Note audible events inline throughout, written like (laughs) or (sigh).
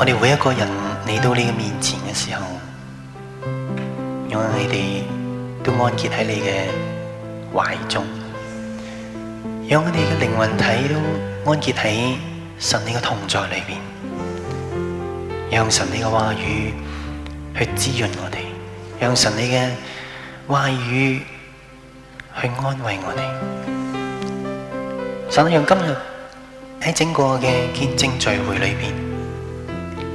我哋每一個人嚟到你嘅面前嘅時候，讓我哋都安結喺你嘅懷中，讓我哋嘅靈魂體都安結喺神你嘅同在裏邊，讓神你嘅話語去滋潤我哋，讓神你嘅話語去安慰我哋。神，讓今日喺整個嘅見證聚會裏邊。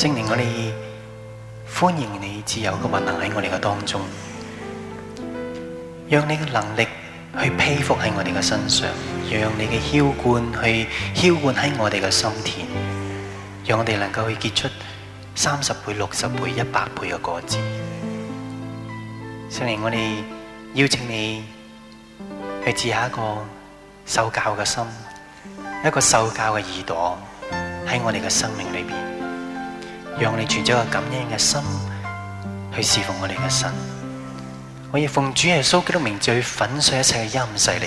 聖靈，我哋歡迎你自由嘅運行喺我哋嘅當中，讓你嘅能力去披覆喺我哋嘅身上，讓你嘅澆灌去澆灌喺我哋嘅心田，讓我哋能夠去結出三十倍、六十倍、一百倍嘅果子。聖靈，我哋邀請你去賜下一個受教嘅心，一個受教嘅耳朵喺我哋嘅生命裏邊。讓我哋存咗個感恩嘅心去侍奉我哋嘅神。我亦奉主耶穌基督名罪，就去粉碎一切嘅陰勢力，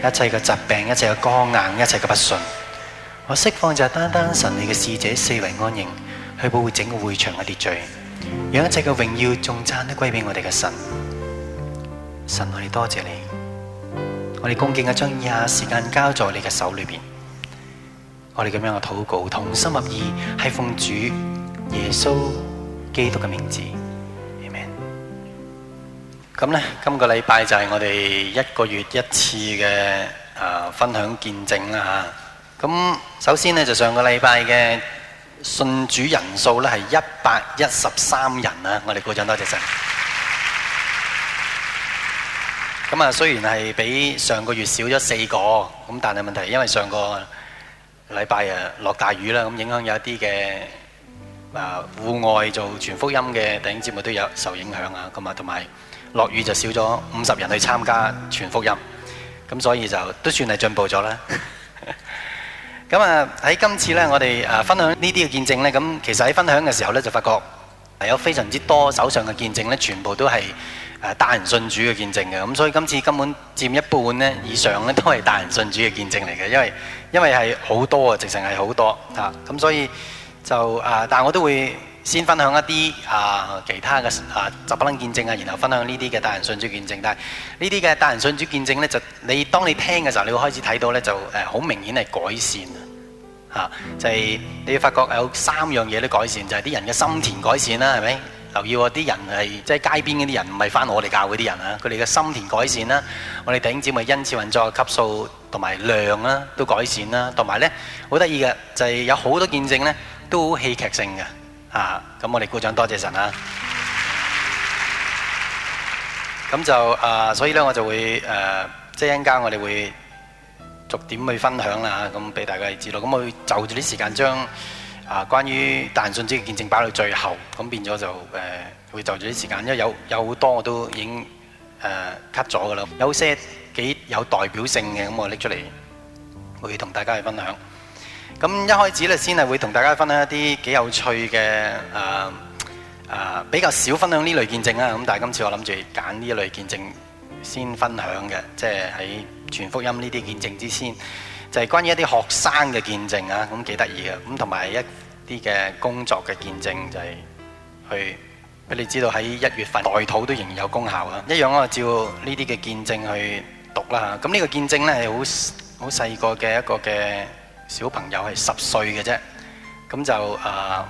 一切嘅疾病，一切嘅光硬，一切嘅不信。我釋放就係單單神，你嘅使者四圍安營，去保護整個會場嘅秩序，讓一切嘅榮耀、頌讚都歸俾我哋嘅神。神，我哋多謝你，我哋恭敬嘅將以下時間交在你嘅手裏邊。我哋咁樣嘅禱告，同心合意，係奉主耶穌基督嘅名字，Amen。咁咧，今個禮拜就係我哋一個月一次嘅啊分享見證啦吓。咁首先咧就上個禮拜嘅信主人數咧係一百一十三人啊，我哋鼓掌多謝晒。咁啊，雖然係比上個月少咗四個，咁但係問題係因為上個禮拜啊落大雨啦，咁影響有一啲嘅。啊！戶外做全福音嘅電影節目都有受影響啊，咁啊，同埋落雨就少咗五十人去參加全福音，咁所以就都算係進步咗啦。咁啊，喺今次呢，我哋啊分享呢啲嘅見證呢，咁其實喺分享嘅時候呢，就發覺係有非常之多手上嘅見證呢，全部都係啊大人信主嘅見證嘅，咁所以今次根本佔一半呢，以上呢都係大人信主嘅見證嚟嘅，因為因為係好多啊，直情係好多嚇，咁所以。就誒、啊，但係我都會先分享一啲誒、啊、其他嘅誒就不能見證啊，然後分享呢啲嘅大人信主見證。但係呢啲嘅大人信主見證咧，就你當你聽嘅時候，你會開始睇到咧，就誒好、啊、明顯係改善啊！就係、是、你要發覺有三樣嘢都改善，就係、是、啲人嘅心田改善啦，係咪？留意喎、哦，啲人係即係街邊嗰啲人，唔係返我哋教會啲人啊，佢哋嘅心田改善啦，我哋頂尖嘅恩賜運作級數同埋量啦，都改善啦，同埋咧好得意嘅就係、是、有好多見證咧。都戲劇性嘅嚇，咁、啊、我哋鼓掌多謝神啦、啊。咁 (music) 就啊，所以咧我就會誒即係一陣間我哋會逐點去分享啦，咁、啊、俾大家知道。咁我會就住啲時間將啊關於大人信主嘅見證擺到最後，咁變咗就誒、啊、會就住啲時間，因為有有好多我都已經誒 cut 咗㗎啦，有些幾有代表性嘅咁我拎出嚟，我會同大家去分享。咁一開始咧，先係會同大家分享一啲幾有趣嘅、呃呃、比較少分享呢類見證啦。咁但係今次我諗住揀呢類見證先分享嘅，即係喺全福音呢啲見證之先，就係、是、關於一啲學生嘅見證啊，咁幾得意嘅。咁同埋一啲嘅工作嘅見證，就係、是、去俾你知道喺一月份代土都仍然有功效啊。一樣我照呢啲嘅見證去讀啦。咁呢個見證咧係好好細個嘅一個嘅。小朋友係十歲嘅啫，咁就啊、呃、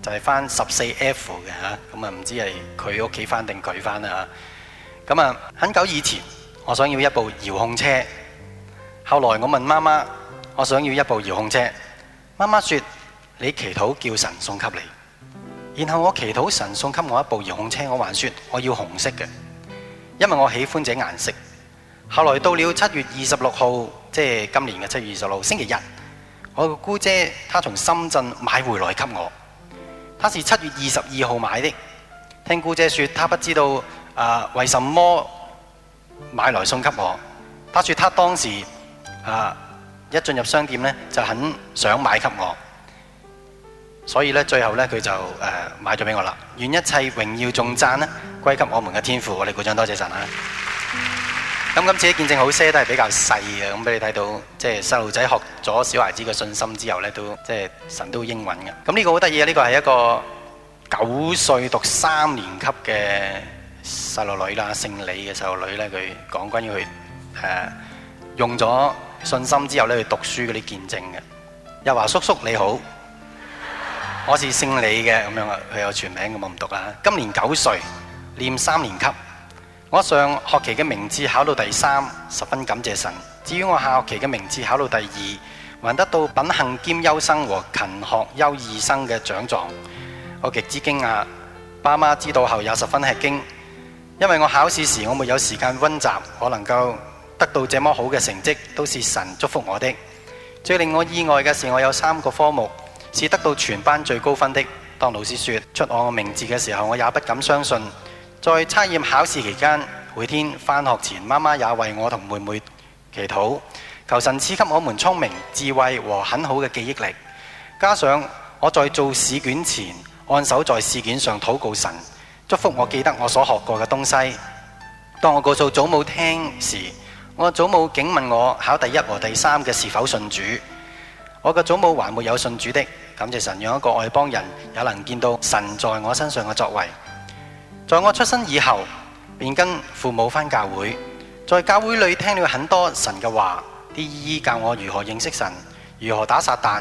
就係翻十四 F 嘅嚇，咁啊唔知係佢屋企翻定佢翻啦咁啊。很久以前我想要一部遙控車，後來我問媽媽：我想要一部遙控車。媽媽說你祈禱叫神送給你。然後我祈禱神送給我一部遙控車，我還說我要紅色嘅，因為我喜歡這顏色。後來到了七月二十六號，即係今年嘅七月二十六星期日。我個姑姐，她從深圳買回來給我。她是七月二十二號買的。聽姑姐說，她不知道啊，為什麼買來送給我。她說，她當時啊，一進入商店呢，就很想買給我。所以呢，最後呢，佢就誒、啊、買咗俾我啦。願一切榮耀仲讚、重讚歸給我,的我們嘅天父。我哋鼓掌多謝神。咁今次嘅見證好些，都係比較細嘅。咁俾你睇到，即係細路仔學咗小孩子嘅信心之後咧，都即係神都應允嘅。咁呢個好得意啊！呢個係一個九歲讀三年級嘅細路女啦，姓李嘅細路女咧，佢講關於佢誒用咗信心之後咧，去讀書嗰啲見證嘅。日華叔叔你好，我是姓李嘅，咁樣啊，佢有全名我唔讀啦。今年九歲，念三年級。我上學期嘅名次考到第三，十分感謝神。至於我下學期嘅名次考到第二，還得到品行兼優生和勤學優異生嘅獎狀，我極之驚訝。爸媽知道後也十分吃驚，因為我考試時我沒有時間溫習，我能夠得到這麼好嘅成績，都是神祝福我的。最令我意外嘅是，我有三個科目是得到全班最高分的。當老師說出我的名字嘅時候，我也不敢相信。在測驗考試期間，每天返學前，媽媽也為我同妹妹祈禱，求神賜給我們聰明、智慧和很好嘅記憶力。加上我在做試卷前，按手在試卷上禱告神，祝福我記得我所學過嘅東西。當我告訴我祖母聽時，我祖母竟問我考第一和第三嘅是否信主。我嘅祖母還沒有信主的，感謝神讓一個外邦人也能見到神在我身上嘅作為。在我出生以後，便跟父母返教會，在教會裏聽了很多神嘅話，啲姨姨教我如何認識神，如何打撒旦，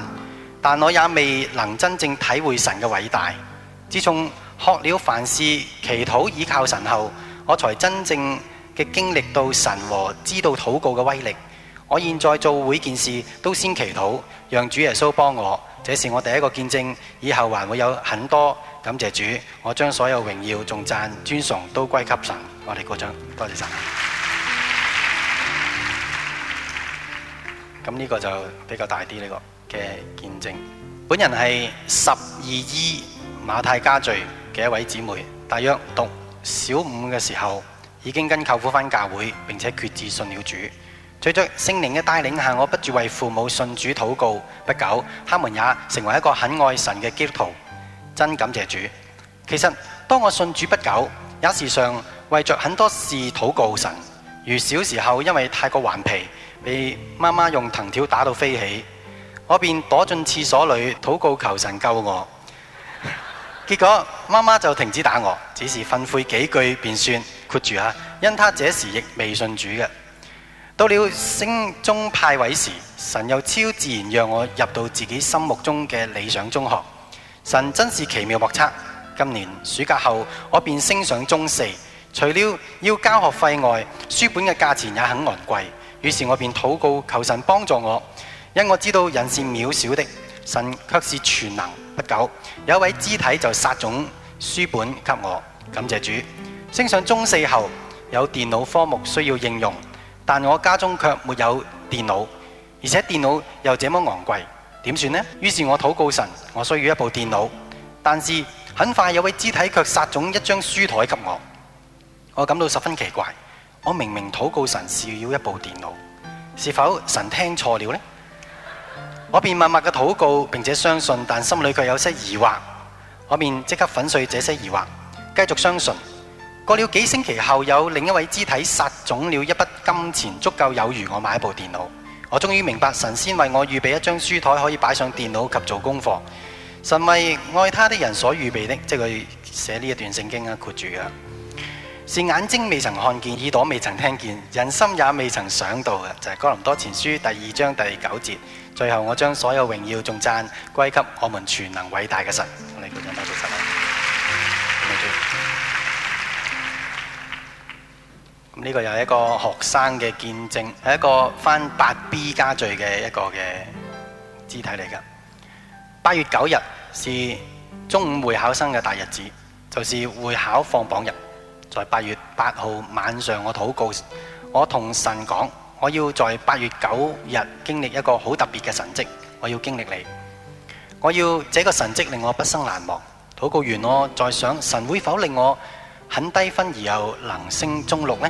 但我也未能真正體會神嘅偉大。自從學了凡事祈禱倚靠神後，我才真正嘅經歷到神和知道禱告嘅威力。我現在做每件事都先祈禱，讓主耶穌幫我，這是我第一個見證，以後還會有很多。感謝主，我將所有榮耀、頌讚、尊崇都歸給神。我哋鼓掌，多謝神。咁呢個就比較大啲呢個嘅見證。本人係十二姨馬太家族嘅一位姊妹，大約讀小五嘅時候已經跟舅父返教會，並且決志信了主。隨着聖靈嘅帶領下，我不住為父母信主禱告。不久，他們也成為一個很愛神嘅基督徒。真感謝主。其實當我信主不久，也時常為着很多事禱告神。如小時候因為太過頑皮，被媽媽用藤條打到飛起，我便躲進廁所裏禱告求神救我。結果媽媽就停止打我，只是訓悔幾句便算括住啊。因她這時亦未信主嘅。到了升中派位時，神又超自然讓我入到自己心目中嘅理想中學。神真是奇妙莫測。今年暑假後，我便升上中四。除了要交學費外，書本嘅價錢也很昂貴。於是，我便禱告求神幫助我，因為我知道人是渺小的，神卻是全能。不久，有一位肢體就殺種書本給我，感謝主。升上中四後，有電腦科目需要應用，但我家中卻沒有電腦，而且電腦又這麼昂貴。點算呢？於是，我禱告神，我需要一部電腦。但是，很快有位肢體卻撒種一張書枱給我。我感到十分奇怪。我明明禱告神是要一部電腦，是否神聽錯了呢？我便默默嘅禱告並且相信，但心裏卻有些疑惑。我便即刻粉碎這些疑惑，繼續相信。過了幾星期後，有另一位肢體撒種了一筆金錢，足夠有餘我買一部電腦。我終於明白，神先為我預備一張書台，可以擺上電腦及做功課。神為愛他的人所預備的，即係佢寫呢一段聖經啊，括住嘅， (noise) 是眼睛未曾看見，耳朵未曾聽見，人心也未曾想到嘅，就係、是、哥林多前書第二章第九節。最後，我將所有榮耀仲讚歸給我們全能偉大嘅神。我哋鼓掌多謝，謝。呢個又係一個學生嘅見證，係一個翻八 B 加聚嘅一個嘅肢體嚟㗎。八月九日是中五會考生嘅大日子，就是會考放榜日。在八月八號晚上，我禱告，我同神講，我要在八月九日經歷一個好特別嘅神迹，我要經歷你。我要這個神迹令我畢生難忘。禱告完我再想，神會否令我很低分，而又能升中六呢？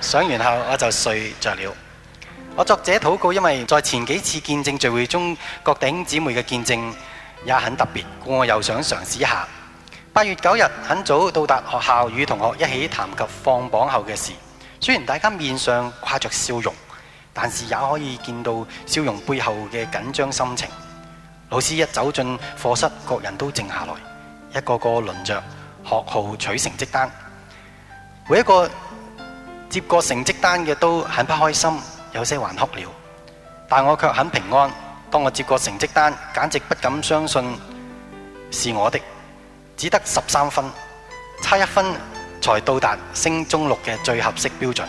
上完後我就睡着了。我作者禱告，因為在前幾次見證聚會中，各頂姊妹嘅見證也很特別，故我又想嘗試一下。八月九日，很早到達學校，與同學一起談及放榜後嘅事。雖然大家面上掛着笑容，但是也可以見到笑容背後嘅緊張心情。老師一走進課室，各人都靜下來，一個個輪着學號取成績單。每一個接過成績單嘅都很不開心，有些還哭了。但我卻很平安。當我接過成績單，簡直不敢相信是我的，只得十三分，差一分才到達升中六嘅最合適標準。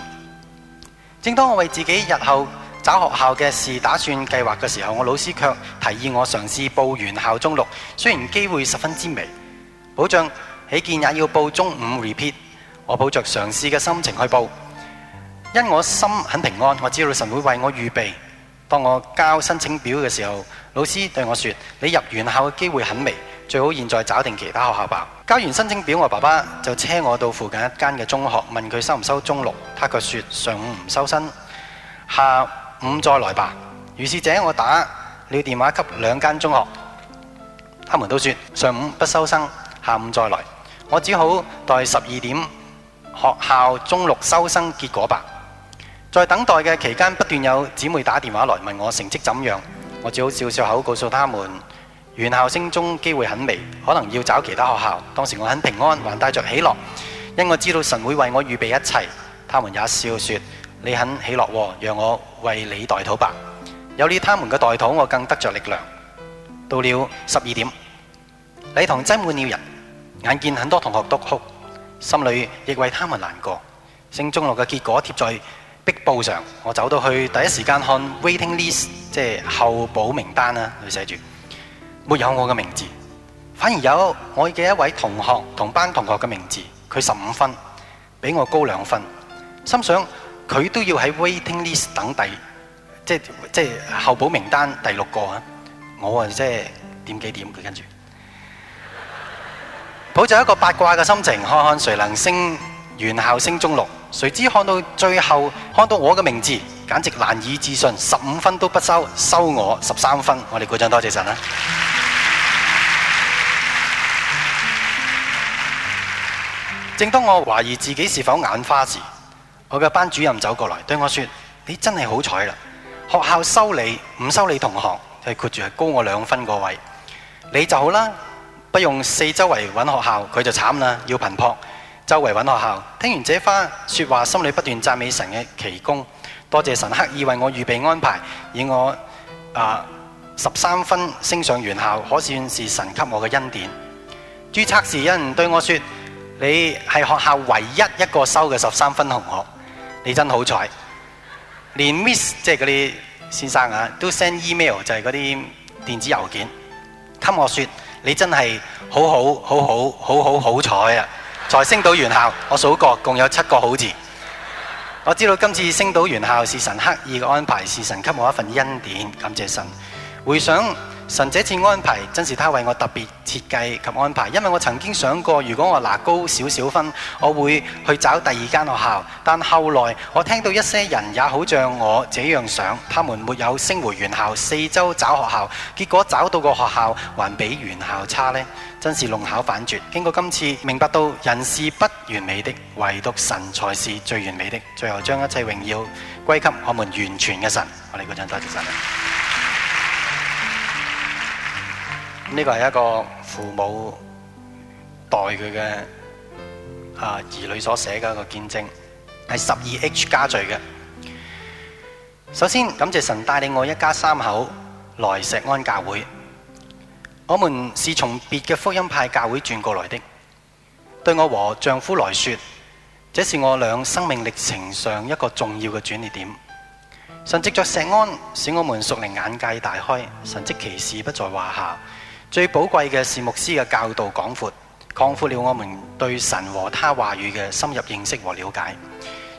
正當我為自己日後找學校嘅事打算計劃嘅時候，我老師卻提議我嘗試報完校中六，雖然機會十分之微，保障起見也要報中五 repeat。我抱着嘗試嘅心情去報。因我心很平安，我知道神會為我預備。當我交申請表嘅時候，老師對我說：你入院校嘅機會很微，最好現在找定其他學校吧。交完申請表，我爸爸就車我到附近一間嘅中學，問佢收唔收中六。他卻說：上午唔收生，下午再來吧。於是者我打了電話給兩間中學，他們都說上午不收生，下午再來。我只好待十二點，學校中六收生結果吧。在等待嘅期間，不斷有姊妹打電話來問我成績怎樣，我只好笑笑口告訴他們，原校升中機會很微，可能要找其他學校。當時我很平安，還帶着喜樂，因為我知道神會為我預備一切。他們也笑說：你很喜樂，讓我為你代禱吧。有了他們嘅代禱，我更得着力量。到了十二點，禮堂擠滿了人，眼見很多同學都哭，心裡亦為他們難過。升中落嘅結果貼在壁報上，我走到去第一時間看 waiting list，即係候補名單啊，佢寫住沒有我嘅名字，反而有我嘅一位同學同班同學嘅名字，佢十五分，比我高兩分。心想佢都要喺 waiting list 等第，即係即係候補名單第六個啊！我啊，即係點幾點佢跟住，抱着一個八卦嘅心情，看看誰能升。原校升中六，誰知看到最後，看到我嘅名字，簡直難以置信，十五分都不收，收我十三分。我哋鼓掌多謝神啦！ (noise) 正當我懷疑自己是否眼花時，我嘅班主任走過來對我說：你真係好彩啦！學校收你，唔收你同學，係括住係高我兩分個位，你就好啦，不用四周圍揾學校，佢就慘啦，要頻撲。周圍揾學校，聽完這番說話，心裏不斷讚美神嘅奇功。多謝神刻意為我預備安排，以我啊十三分升上原校，可算是神給我嘅恩典。注冊時有人對我說：你係學校唯一一個收嘅十三分同學，你真好彩。連 Miss 即係嗰啲先生啊，都 send email 就係嗰啲電子郵件，給我說你真係好好,好好好好好好好彩啊！在星到元校，我數過共有七個好字。我知道今次星到元校是神刻意嘅安排，是神給我一份恩典。感謝神，回想。神這次安排真是他為我特別設計及安排，因為我曾經想過，如果我拿高少少分，我會去找第二間學校。但後來我聽到一些人也好像我這樣想，他們沒有升回原校，四周找學校，結果找到個學校還比原校差呢，真是弄巧反拙。經過今次，明白到人是不完美的，唯獨神才是最完美的。最後將一切榮耀歸給我們完全嘅神。我哋鼓掌，多謝神。呢個係一個父母代佢嘅啊兒女所寫嘅一個見證，係十二 H 家聚嘅。首先，感謝神帶領我一家三口來石安教會。我們是從別嘅福音派教會轉過來的。對我和丈夫來說，這是我倆生命歷程上一個重要嘅轉捩點。神藉着石安使我們熟靈眼界大開，神跡奇事不在話下。最寶貴嘅是牧師嘅教導廣闊，擴闊了我們對神和他話語嘅深入認識和了解，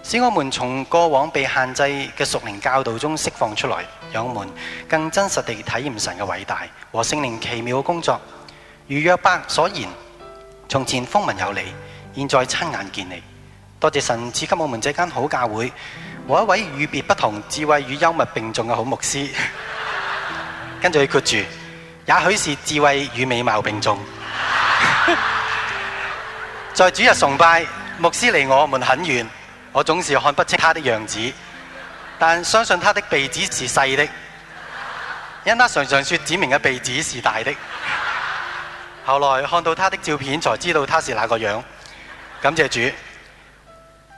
使我們從過往被限制嘅屬靈教導中釋放出來，讓我們更真實地體驗神嘅偉大和聖靈奇妙嘅工作。如約伯所言：從前風聞有你，現在親眼見你。多謝神賜給我們這間好教會和一位與別不同、智慧與幽默並重嘅好牧師。跟住佢括住。也許是智慧與美貌並重。 (laughs) 在主日崇拜，牧師離我們很遠，我總是看不清他的樣子，但相信他的鼻子是細的，因他常常説指明嘅鼻子是大的。後來看到他的照片，才知道他是那個樣。感謝主，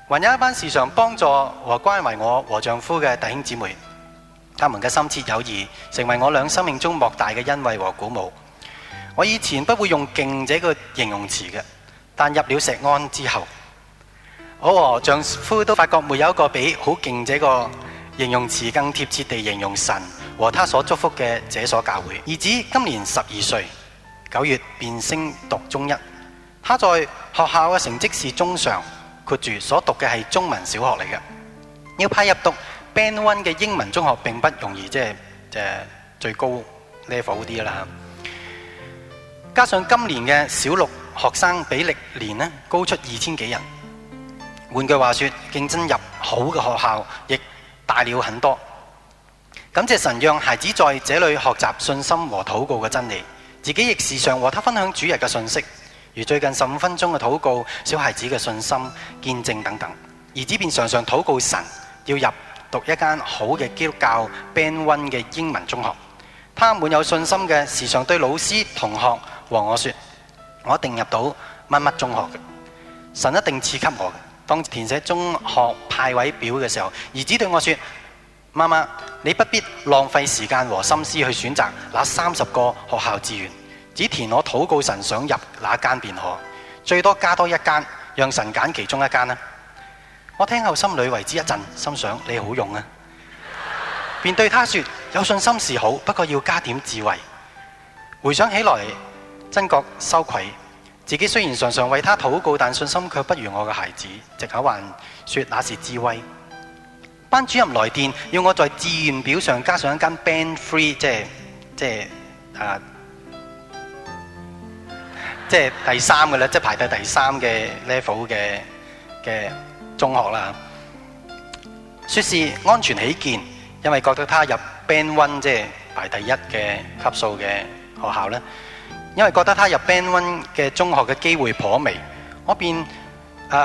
還有一班時常幫助和關懷我和丈夫嘅弟兄姊妹。他們嘅深切友誼，成為我兩生命中莫大嘅恩惠和鼓舞。我以前不會用勁這個形容詞嘅，但入了石安之後，我和丈夫都發覺沒有一個比好勁這個形容詞更貼切地形容神和他所祝福嘅這所教會。兒子今年十二歲，九月便升讀中一。他在學校嘅成績是中上，括住所讀嘅係中文小學嚟嘅，要派入讀 Band One 嘅英文中學並不容易，即係最高 level 啲啦。加上今年嘅小六學生比歷年高出二千幾人，換句話說，競爭入好嘅學校亦大了很多。感謝神讓孩子在這裏學習信心和禱告嘅真理，自己亦時常和他分享主日嘅信息，如最近十五分鐘嘅禱告、小孩子嘅信心見證等等。兒子便常常禱告神要入。讀一間好嘅基督教 Band One 嘅英文中學，他滿有信心嘅，時常對老師、同學和我說：我一定入到乜乜中學嘅，神一定賜給我嘅。當填寫中學派位表嘅時候，兒子對我說：媽媽，你不必浪費時間和心思去選擇那三十個學校志願，只填我禱告神想入哪間便可，最多加多一間，讓神揀其中一間啦。我聽後心裏為之一震，心想你好用啊，便 (laughs) 對他說：有信心是好，不過要加點智慧。回想起來，真覺羞愧。自己雖然常常為他禱告，但信心卻不如我嘅孩子。直口還說那是智慧。班主任來電，要我在志願表上加上一間 Band Three，即係即係啊，即係第三嘅啦，即係排第第三嘅 level 嘅嘅。的的中學啦，說是安全起見，因為覺得他入 Band One 即係排第一嘅級數嘅學校呢，因為覺得他入 Band One 嘅中學嘅機會頗微，我便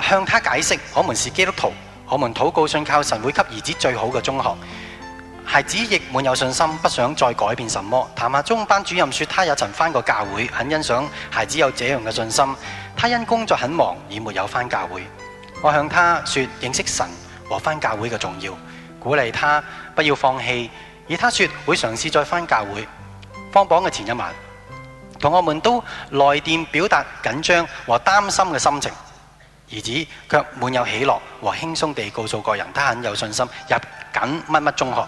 向他解釋，我們是基督徒，我們禱告信靠神會給兒子最好嘅中學。孩子亦滿有信心，不想再改變什麼。談下中班主任說，他也曾翻過教會，很欣賞孩子有這樣嘅信心。他因工作很忙而沒有翻教會。我向他說認識神和翻教會嘅重要，鼓勵他不要放棄，而他說會嘗試再翻教會。放榜嘅前一晚，同學們都來電表達緊張和擔心嘅心情，兒子卻滿有喜樂和輕鬆地告訴各人，他很有信心入緊乜乜中學。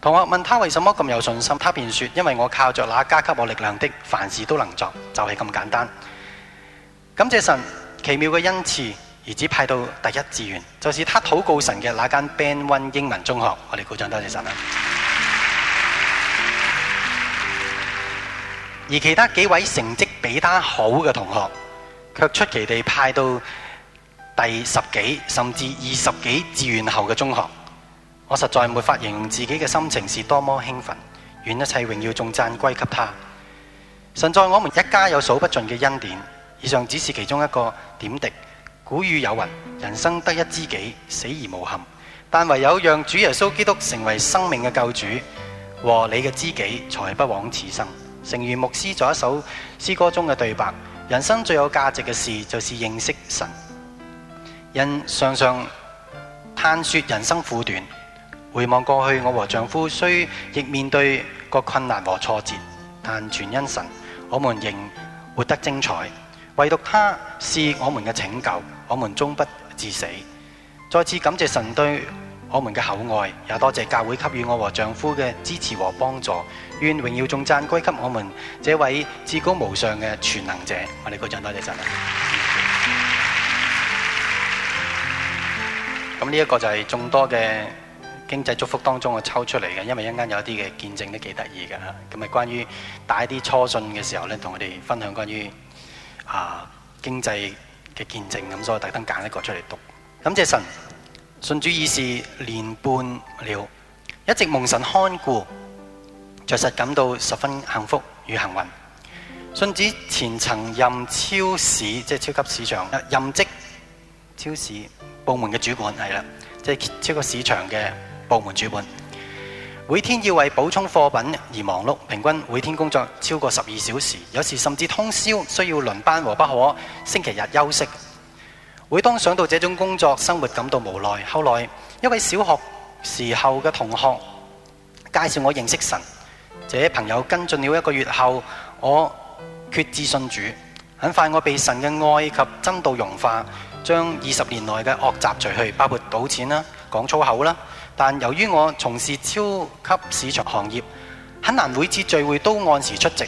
同學問他為什麼咁有信心，他便說：因為我靠着那加給我力量的，凡事都能做，就係咁簡單。感謝神。奇妙嘅恩賜，兒子派到第一志願，就是他禱告神嘅那間 Band One 英文中學。我哋鼓掌，多謝神啦！而其他幾位成績比他好嘅同學，卻出奇地派到第十幾甚至二十幾志願後嘅中學。我實在沒法形容自己嘅心情是多麼興奮，願一切榮耀頌讚歸給他。神在我們一家有數不盡嘅恩典。以上只是其中一個點滴。古語有云：人生得一知己，死而無憾。但唯有讓主耶穌基督成為生命嘅救主和你嘅知己，才不枉此生。誠如牧師在一首詩歌中嘅對白：人生最有價值嘅事，就是認識神。因常常嘆説人生苦短，回望過去，我和丈夫雖亦面對過困難和挫折，但全因神，我們仍活得精彩。唯獨他是我們嘅拯救，我們終不至死。再次感謝神對我們嘅厚愛，也多謝教會給予我和丈夫嘅支持和幫助。願榮耀眾讚歸給我們這位至高無上嘅全能者。我哋鼓掌多謝神。咁呢一個就係眾多嘅經濟祝福當中我抽出嚟嘅，因為一陣間有啲嘅見證都幾得意嘅。咁啊，關於打一啲初信嘅時候咧，同我哋分享關於。啊，經濟嘅見證，咁，所以特登揀一個出嚟讀。感謝神，信主已是年半了，一直蒙神看顧，著實感到十分幸福與幸運。信主前曾任超市，即係超級市場，任職超市部門嘅主管，係啦，即係超級市場嘅部門主管。每天要為補充貨品而忙碌，平均每天工作超過十二小時，有時甚至通宵，需要輪班和不可星期日休息。每當想到這種工作生活感到無奈。後來一位小學時候嘅同學介紹我認識神，這朋友跟進了一個月後，我決志信主。很快我被神嘅愛及真道融化，將二十年來嘅惡習除去，包括賭錢啦、講粗口啦。但由於我從事超級市場行業，很難每次聚會都按時出席。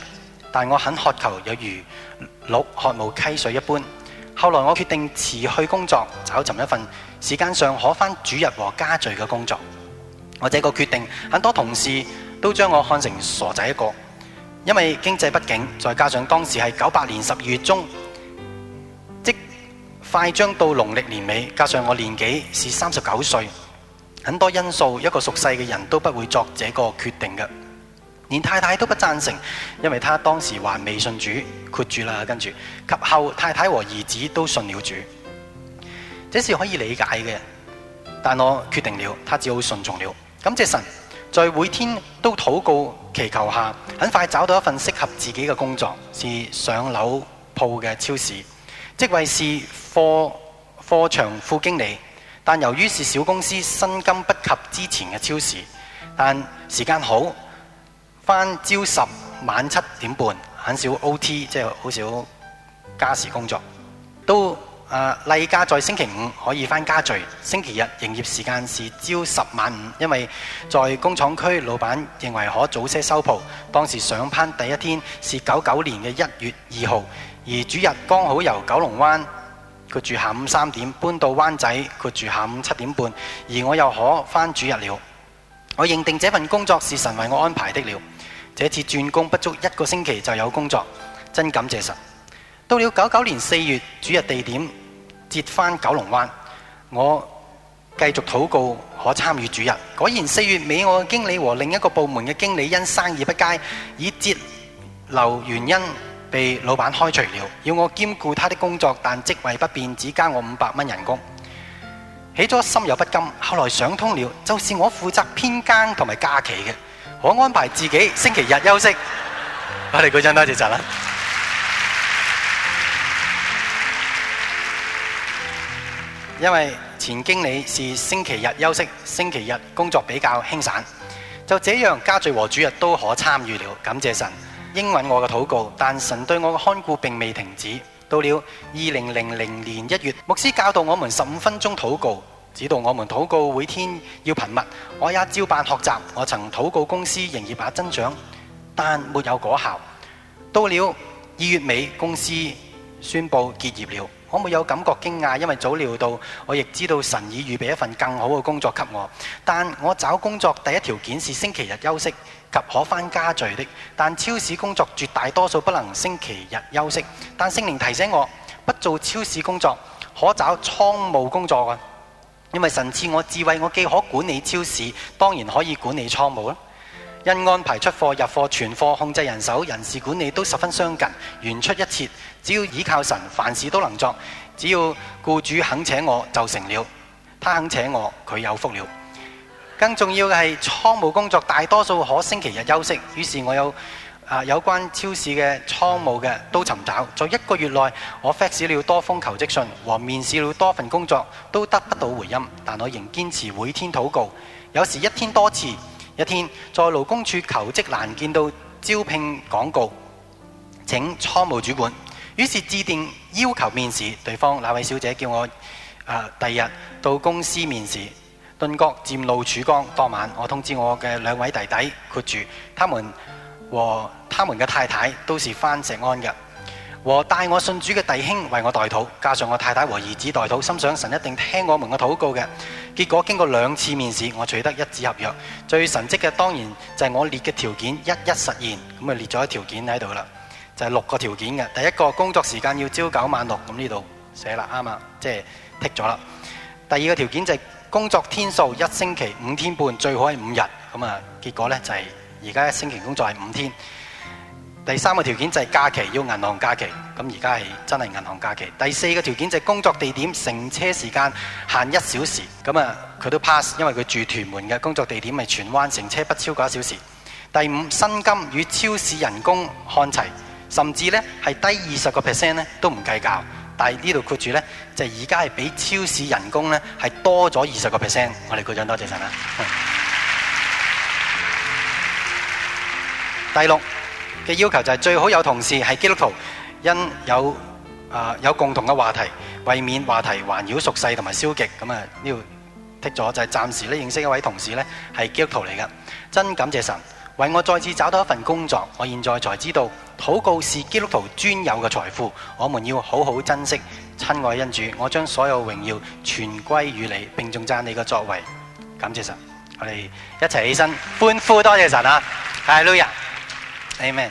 但我很渴求，有如鹿渴慕溪水一般。後來我決定辭去工作，找尋一份時間上可返主日和家聚嘅工作。我這個決定，很多同事都將我看成傻仔一個。因為經濟不景，再加上當時係九八年十二月中，即快將到農曆年尾，加上我年紀是三十九歲。很多因素，一個熟悉嘅人都不會作這個決定嘅，連太太都不贊成，因為她當時還未信主，括住啦，跟住及後太太和兒子都信了主，這是可以理解嘅。但我決定了，她只好順從了。感謝神，在每天都禱告祈求下，很快找到一份適合自己嘅工作，是上樓鋪嘅超市，職位是貨貨場副經理。但由於是小公司，薪金不及之前嘅超市，但時間好，翻朝十晚七點半，很少 O.T. 即係好少加時工作，都、呃、例假在星期五可以翻家聚，星期日營業時間是朝十晚五，因為在工廠區，老闆認為可早些收鋪。當時上班第一天是九九年嘅一月二號，而主日剛好由九龍灣。佢住下午三點，搬到灣仔；佢住下午七點半，而我又可返主日了。我認定這份工作是神為我安排的了。這次轉工不足一個星期就有工作，真感謝神。到了九九年四月，主日地點接返九龍灣，我繼續禱告可參與主日。果然四月尾，我嘅經理和另一個部門嘅經理因生意不佳，以節流原因，被老闆開除了，要我兼顧他的工作，但職位不變，只加我五百蚊人工。起初心有不甘，後來想通了，就是我負責編更同埋假期嘅，可安排自己星期日休息。 (laughs) 我哋鼓掌多謝神 (laughs) 因為前經理是星期日休息，星期日工作比較輕散，就這樣家聚和主日都可參與了，感謝神。應允我嘅禱告，但神對我嘅看顧並未停止。到了二零零零年一月，牧師教導我們十五分鐘禱告，指導我們禱告每天要頻密。我也照辦學習。我曾禱告公司營業額增長，但沒有果效。到了二月尾，公司宣布結業了。我沒有感覺驚訝，因為早料到。我亦知道神已預備一份更好嘅工作給我，但我找工作第一條件是星期日休息。及可翻家聚的，但超市工作絕大多數不能星期日休息。但聖靈提醒我，不做超市工作，可找倉務工作啊，因為神賜我智慧我，我既可管理超市，當然可以管理倉務啦。因安排出貨入貨存貨控制人手、人事管理都十分相近，原出一切，只要倚靠神，凡事都能作。只要雇主肯請我，就成了。他肯請我，佢有福了。更重要嘅係倉務工作大多數可星期日休息，於是我有啊、呃、有關超市嘅倉務嘅都尋找，在一個月內我 fax 了多封求職信和面試了多份工作都得不到回音，但我仍堅持每天禱告，有時一天多次。一天在勞工處求職難見到招聘廣告，請倉務主管，於是致電要求面試，對方那位小姐叫我啊、呃、第二日到公司面試。俊國占路曙光。當晚我通知我嘅兩位弟弟括住，他們和他們嘅太太都是翻石安嘅，和帶我信主嘅弟兄為我代禱，加上我太太和兒子代禱，心想神一定聽我們嘅禱告嘅。結果經過兩次面試，我取得一紙合約。最神跡嘅當然就係我列嘅條件一一實現，咁啊列咗條件喺度啦，就係六個條件嘅。第一個工作時間要朝九晚六，咁呢度寫啦，啱啊，即係剔咗啦。第二個條件就係。工作天數一星期五天半，最好係五日。咁啊，結果呢，就係而家一星期工作係五天。第三個條件就係假期，要銀行假期。咁而家係真係銀行假期。第四個條件就係工作地點，乘車時間限一小時。咁啊，佢都 pass，因為佢住屯門嘅工作地點灣，咪荃灣乘車不超過一小時。第五，薪金與超市人工看齊，甚至呢係低二十個 percent 呢都唔計較。但係呢度括住呢，就而家係比超市人工呢，係多咗二十個 percent。我哋鼓掌，多謝神啦！嗯、第六嘅要求就係、是、最好有同事係基督徒，因有啊、呃、有共同嘅話題，為免話題環繞俗世同埋消極。咁啊呢度剔咗，就係、是、暫時咧認識一位同事咧係基督徒嚟嘅，真感謝神。為我再次找到一份工作，我現在才知道禱告是基督徒專有嘅財富，我們要好好珍惜。親愛恩主，我將所有榮耀全歸於你，並重讚你嘅作為。感謝神，我哋一齊起，起身歡呼，多謝神啊！係 Lord，Amen。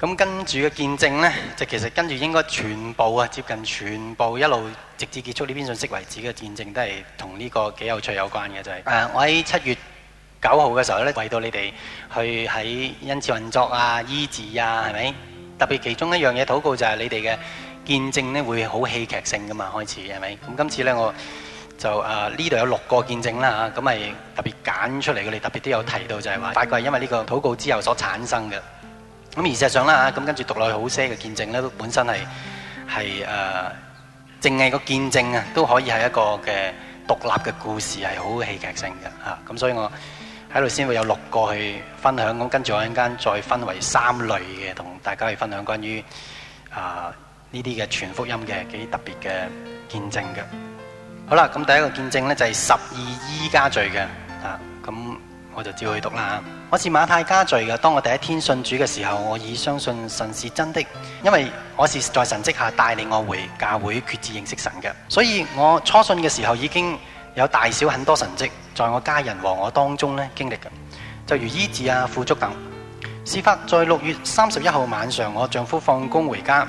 咁跟住嘅見證呢，就其實跟住應該全部啊，接近全部一路直至結束呢邊信息為止嘅見證，都係同呢個幾有趣有關嘅就係。誒，我喺七月九號嘅時候呢，為到你哋去喺恩賜運作啊、醫治啊，係咪？特別其中一樣嘢禱告就係你哋嘅。見證咧會好戲劇性噶嘛，開始係咪？咁今次咧，我就啊呢度有六個見證啦嚇，咁係特別揀出嚟嘅，你特別都有提到就係話，大概係因為呢個禱告之後所產生嘅。咁而事實上啦嚇，咁跟住讀落去好些嘅見證咧，都本身係係啊，淨係個見證啊都可以係一個嘅獨立嘅故事，係好戲劇性嘅嚇。咁所以我喺度先會有六個去分享，咁跟住我陣間再分為三類嘅，同大家去分享關於啊。呢啲嘅全福音嘅幾特別嘅見證嘅，好啦，咁第一個見證呢就係十二依家罪嘅，啊，咁我就照去讀啦。我是馬太家罪嘅，當我第一天信主嘅時候，我已相信神是真的，因為我是在神蹟下帶領我回教會、決志認識神嘅，所以我初信嘅時候已經有大小很多神蹟在我家人和我當中咧經歷嘅，就如醫治啊、富足等。事發在六月三十一號晚上，我丈夫放工回家。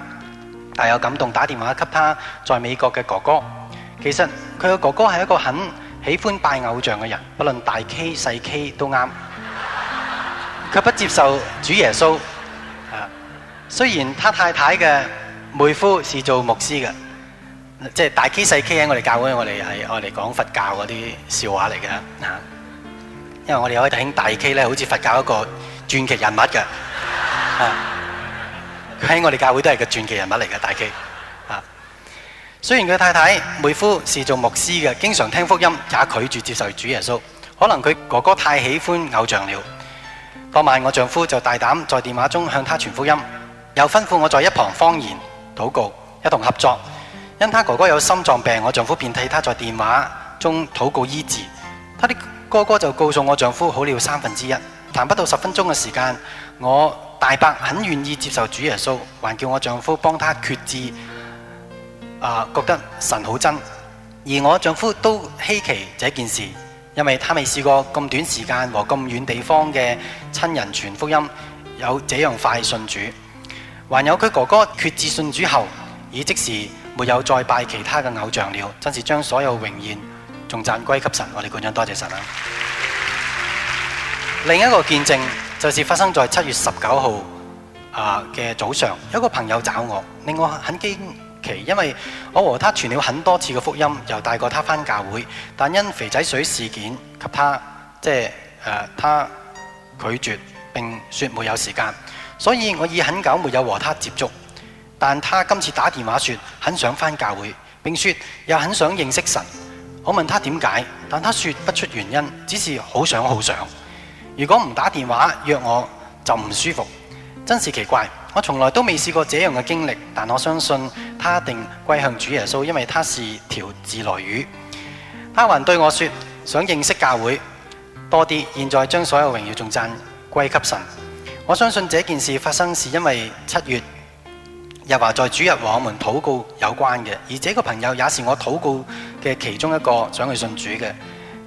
大有感動，打電話給他在美國嘅哥哥。其實佢嘅哥哥係一個很喜歡拜偶像嘅人，不論大 K 細 K 都啱。佢不接受主耶穌。雖然他太太嘅妹夫是做牧師嘅，即係大 K 細 K 喺我哋教會，我哋係我哋講佛教嗰啲笑話嚟嘅啦。因為我哋可以睇大 K 咧，好似佛教一個傳奇人物嘅。喺我哋教會都係個傳奇人物嚟嘅，大 K！啊，雖然佢太太妹夫是做牧師嘅，經常聽福音，也拒絕接受主耶穌。可能佢哥哥太喜歡偶像了。當晚我丈夫就大膽在電話中向他傳福音，又吩咐我在一旁方言禱告，一同合作。因他哥哥有心臟病，我丈夫便替他在電話中禱告醫治。他的哥哥就告訴我丈夫好了三分之一。談不到十分鐘嘅時間，我。大伯很願意接受主耶穌，還叫我丈夫幫他決志，啊，覺得神好真。而我丈夫都稀奇這件事，因為他未試過咁短時間和咁遠地方嘅親人傳福音，有這樣快信主。還有佢哥哥決志信主後，已即時沒有再拜其他嘅偶像了，真是將所有榮耀仲讚歸給神。我哋感恩多謝神啊！另一個見證。就是發生在七月十九號啊嘅早上，有一個朋友找我，令我很驚奇，因為我和他傳了很多次嘅福音，又帶過他返教會，但因肥仔水事件，給他即係、呃、他拒絕，並說沒有時間，所以我已很久沒有和他接觸。但他今次打電話說很想返教會，並說也很想認識神。我問他點解，但他說不出原因，只是好想好想。如果唔打電話約我就唔舒服，真是奇怪。我從來都未試過這樣嘅經歷，但我相信他一定歸向主耶穌，因為他是條自來魚。他還對我說想認識教會多啲，現在將所有榮耀仲讚歸給神。我相信這件事發生是因為七月日華在主日和我們禱告有關嘅，而這個朋友也是我禱告嘅其中一個，想去信主嘅。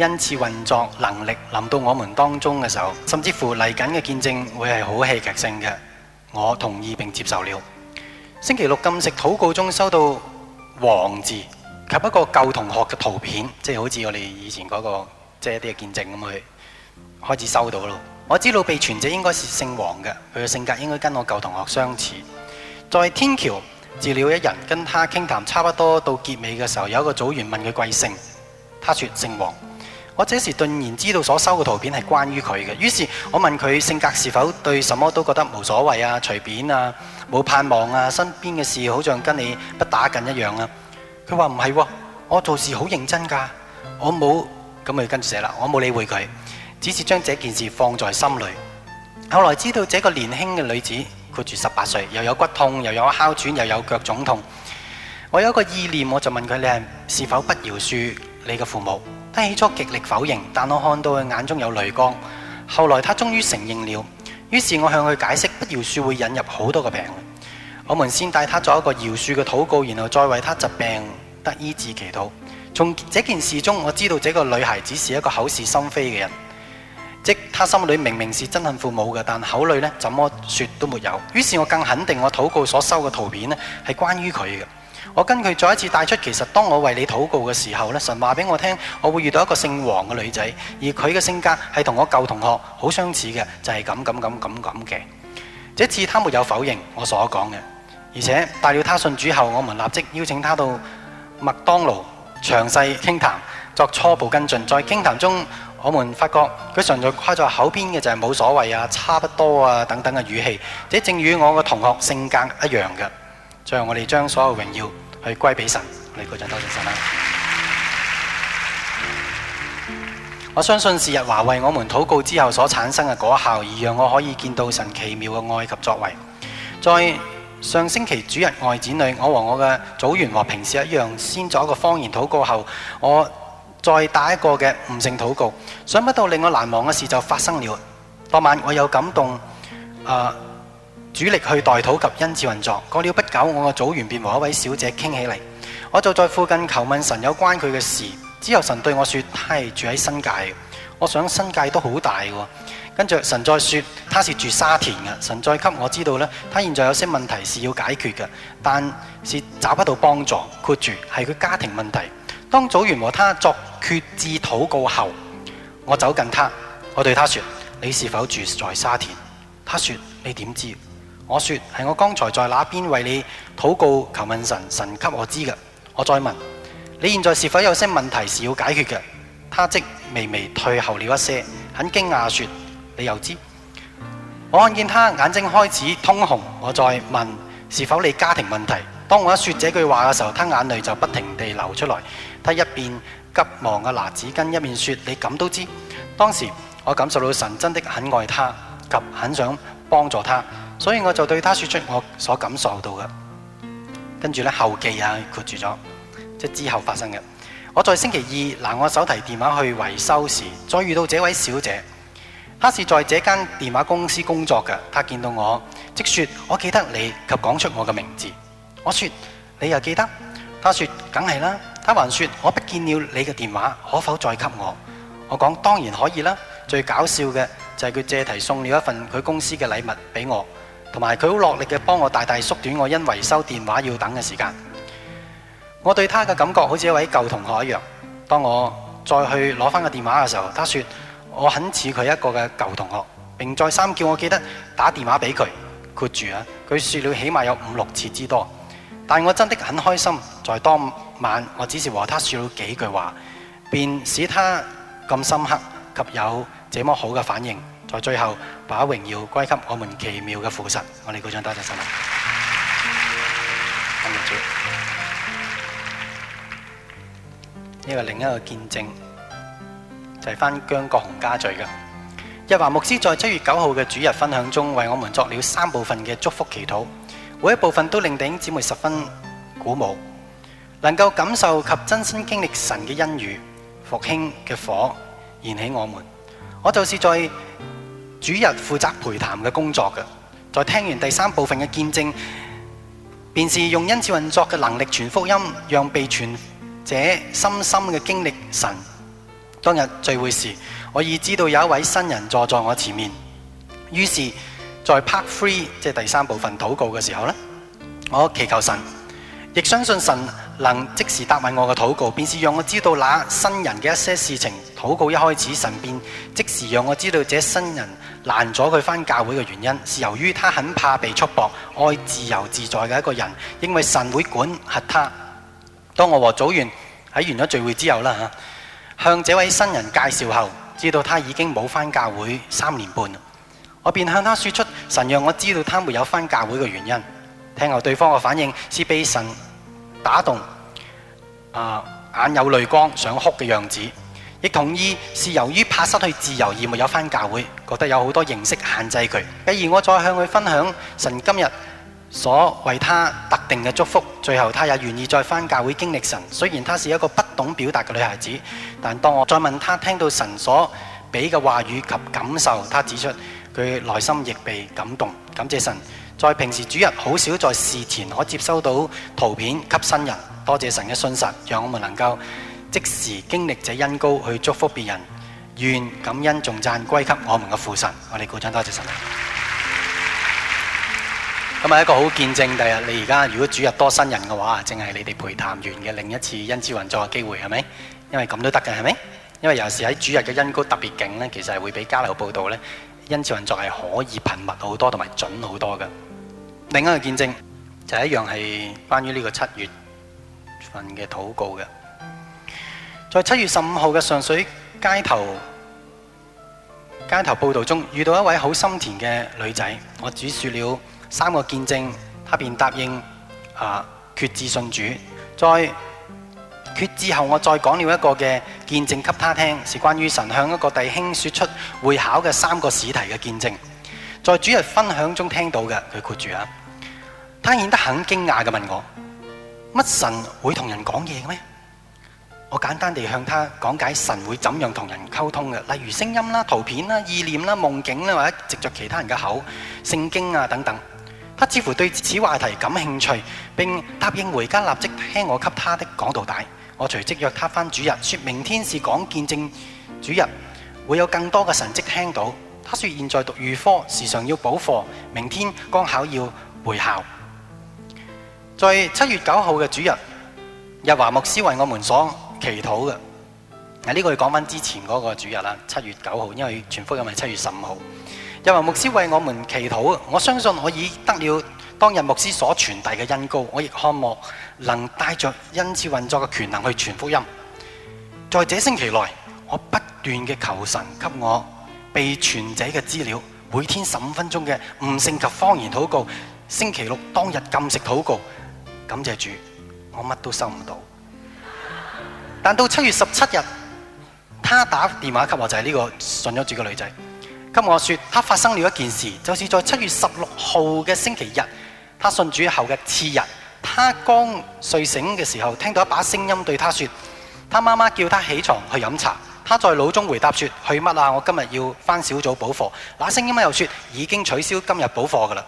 因此運作能力臨到我們當中嘅時候，甚至乎嚟緊嘅見證會係好戲劇性嘅。我同意並接受了。星期六禁食禱告中收到王字及一個舊同學嘅圖片，即係好似我哋以前嗰個即係一啲嘅見證咁去開始收到咯。我知道被傳者應該是姓王嘅，佢嘅性格應該跟我舊同學相似。在天橋治療一人，跟他傾談差不多到結尾嘅時候，有一個組員問佢貴姓，他說姓王。我這時頓然知道所收嘅圖片係關於佢嘅，於是我問佢性格是否對什麼都覺得無所謂啊、隨便啊、冇盼望啊，身邊嘅事好像跟你不打緊一樣啊。佢話唔係，我做事好認真㗎，我冇咁咪跟住寫啦，我冇理會佢，只是將這件事放在心裏。後來知道這個年輕嘅女子，括住十八歲，又有骨痛，又有哮喘，又有腳腫痛。我有一個意念，我就問佢：你係是否不饒恕你嘅父母？他起初極力否認，但我看到佢眼中有淚光。後來他終於承認了，於是，我向佢解釋不饒恕會引入好多個病。我們先帶他做一個饒恕嘅禱告，然後再為他疾病得醫治祈禱。從這件事中，我知道這個女孩子是一個口是心非嘅人，即他心裡明明是憎恨父母嘅，但口裡怎麼說都沒有。於是，我更肯定我禱告所收嘅圖片呢，係關於佢嘅。我跟佢再一次帶出，其實當我為你禱告嘅時候咧，神話俾我聽，我會遇到一個姓黃嘅女仔，而佢嘅性格係同我舊同學好相似嘅，就係咁咁咁咁咁嘅。這次他沒有否認我所講嘅，而且帶了他信主後，我們立即邀請他到麥當勞詳細傾談，作初步跟進。在傾談中，我們發覺佢純粹掛在口邊嘅就係冇所謂啊、差不多啊等等嘅語氣，這正與我嘅同學性格一樣嘅。最後我哋將所有榮耀去歸俾神，嚟，舉掌多謝神啦！我相信是日華為我們禱告之後所產生嘅果效，而讓我可以見到神奇妙嘅愛及作為。在上星期主日外展裏，我和我嘅組員和平時一樣，先做一個方言禱告後，我再打一個嘅悟性禱告。想不到令我難忘嘅事就發生了。當晚我有感動啊！呃主力去代土及恩賜運作。過了不久，我嘅組員便和一位小姐傾起嚟，我就在附近求問神有關佢嘅事。之後神對我說，他係住喺新界。我想新界都好大嘅。跟住神再說，他是住沙田嘅。神再給我知道呢，他現在有些問題是要解決嘅，但是找不到幫助。括住係佢家庭問題。當組員和他作決志禱告後，我走近他，我對他說，你是否住在沙田？他說你，你點知？我說係我剛才在那邊為你禱告求問神，神給我知嘅。我再問，你現在是否有些問題是要解決嘅？他即微微退後了一些，很驚訝說：你又知？我看見他眼睛開始通紅。我再問，是否你家庭問題？當我一說這句話嘅時候，他眼淚就不停地流出來。他一邊急忙嘅拿紙巾，一面說：你咁都知？當時我感受到神真的很愛他，及很想幫助他。所以我就對他說出我所感受到嘅，跟住咧，後記啊，括住咗，即之後發生嘅。我在星期二拿我手提電話去維修時，再遇到這位小姐，她是在這間電話公司工作嘅。她見到我，即說，我記得你及講出我嘅名字。我說，你又記得？她說梗係啦。她還說，我不見了你嘅電話，可否再給我？我講：當然可以啦。最搞笑嘅就係佢借題送了一份佢公司嘅禮物俾我。同埋佢好落力嘅幫我大大縮短我因維修電話要等嘅時間。我對他嘅感覺好似一位舊同學一樣。當我再去攞返個電話嘅時候，他說我很似佢一個嘅舊同學，並再三叫我記得打電話俾佢。括住啊，佢説了起碼有五六次之多。但我真的很開心，在當晚我只是和他説咗幾句話，便使他咁深刻及有這麼好嘅反應。在最後把榮耀歸給我們奇妙嘅父神，我哋鼓掌多謝神啊！阿門主。呢個另一個見證就係返姜國紅家聚嘅。日華牧師在七月九號嘅主日分享中，為我們作了三部分嘅祝福祈禱，每一部分都令弟兄姊妹十分鼓舞，能夠感受及親身經歷神嘅恩雨復興嘅火燃起我們。我就是在。主日負責陪談嘅工作嘅，在聽完第三部分嘅見證，便是用恩賜運作嘅能力傳福音，讓被傳者深深嘅經歷神。當日聚會時，我已知道有一位新人坐在我前面，於是，在 Part Three 即係第三部分禱告嘅時候咧，我祈求神。亦相信神能即時答允我嘅禱告，便是讓我知道那新人嘅一些事情。禱告一開始，神便即時讓我知道這新人攔咗佢翻教會嘅原因，是由於他很怕被束縛，愛自由自在嘅一個人。因為神會管轄他。當我和組員喺完咗聚會之後啦，吓向這位新人介紹後，知道他已經冇翻教會三年半，我便向他說出神讓我知道他沒有翻教會嘅原因。聽後，對方嘅反應是被神打動，啊、呃，眼有淚光，想哭嘅樣子。亦同意是由於怕失去自由而沒有翻教會，覺得有好多形式限制佢。繼而我再向佢分享神今日所為他特定嘅祝福，最後他也願意再翻教會經歷神。雖然他是一個不懂表達嘅女孩子，但當我再問她聽到神所俾嘅話語及感受，她指出佢內心亦被感動，感謝神。在平時主日好少在事前可接收到圖片給新人，多謝神嘅信實，讓我們能夠即時經歷這恩膏去祝福別人。願感恩重讚歸給我們嘅父神。我哋鼓掌，多謝神。咁係一個好見證，第日你而家如果主日多新人嘅話，正係你哋陪談員嘅另一次恩賜運作嘅機會，係咪？因為咁都得嘅，係咪？因為有時喺主日嘅恩膏特別勁呢，其實係會畀交流報道呢。恩賜運作係可以頻密好多，同埋準好多嘅。另一個見證就一樣係關於呢個七月份嘅禱告嘅，在七月十五號嘅上水街頭，街頭報導中，遇到一位好心田嘅女仔，我只説了三個見證，她便答應啊決志信主。在決志後，我再講了一個嘅見證給她聽，是關於神向一個弟兄説出會考嘅三個試題嘅見證，在主日分享中聽到嘅，佢括住啊。他顯得很驚訝嘅問我：乜神會同人講嘢嘅咩？我簡單地向他講解神會怎樣同人溝通嘅，例如聲音啦、圖片啦、意念啦、夢境啦，或者藉着其他人嘅口、聖經啊等等。他似乎對此話題感興趣，並答應回家立即聽我給他的講道帶。我隨即約他返主日，説明天是講見證主日，會有更多嘅神跡聽到。他説現在讀預科，時常要補課，明天剛考要回校。在七月九號嘅主日，日華牧師為我們所祈禱嘅，啊、這、呢個要講翻之前嗰個主日啦，七月九號，因為傳福音係七月十五號。日華牧師為我們祈禱，我相信我已得了當日牧師所傳遞嘅恩膏，我亦渴望能帶著恩賜運作嘅權能去傳福音。在這星期內，我不斷嘅求神給我被傳者嘅資料，每天十五分鐘嘅悟性及方言禱告，星期六當日禁食禱告。感謝主，我乜都收唔到。但到七月十七日，他打電話給我，就係、是、呢個信咗主嘅女仔。咁我說，他發生了一件事，就是在七月十六號嘅星期日，他信主後嘅次日，他剛睡醒嘅時候，聽到一把聲音對他說，他媽媽叫他起床去飲茶。他在腦中回答說，去乜啊？我今日要返小組補課。那聲音又說，已經取消今日補課㗎啦。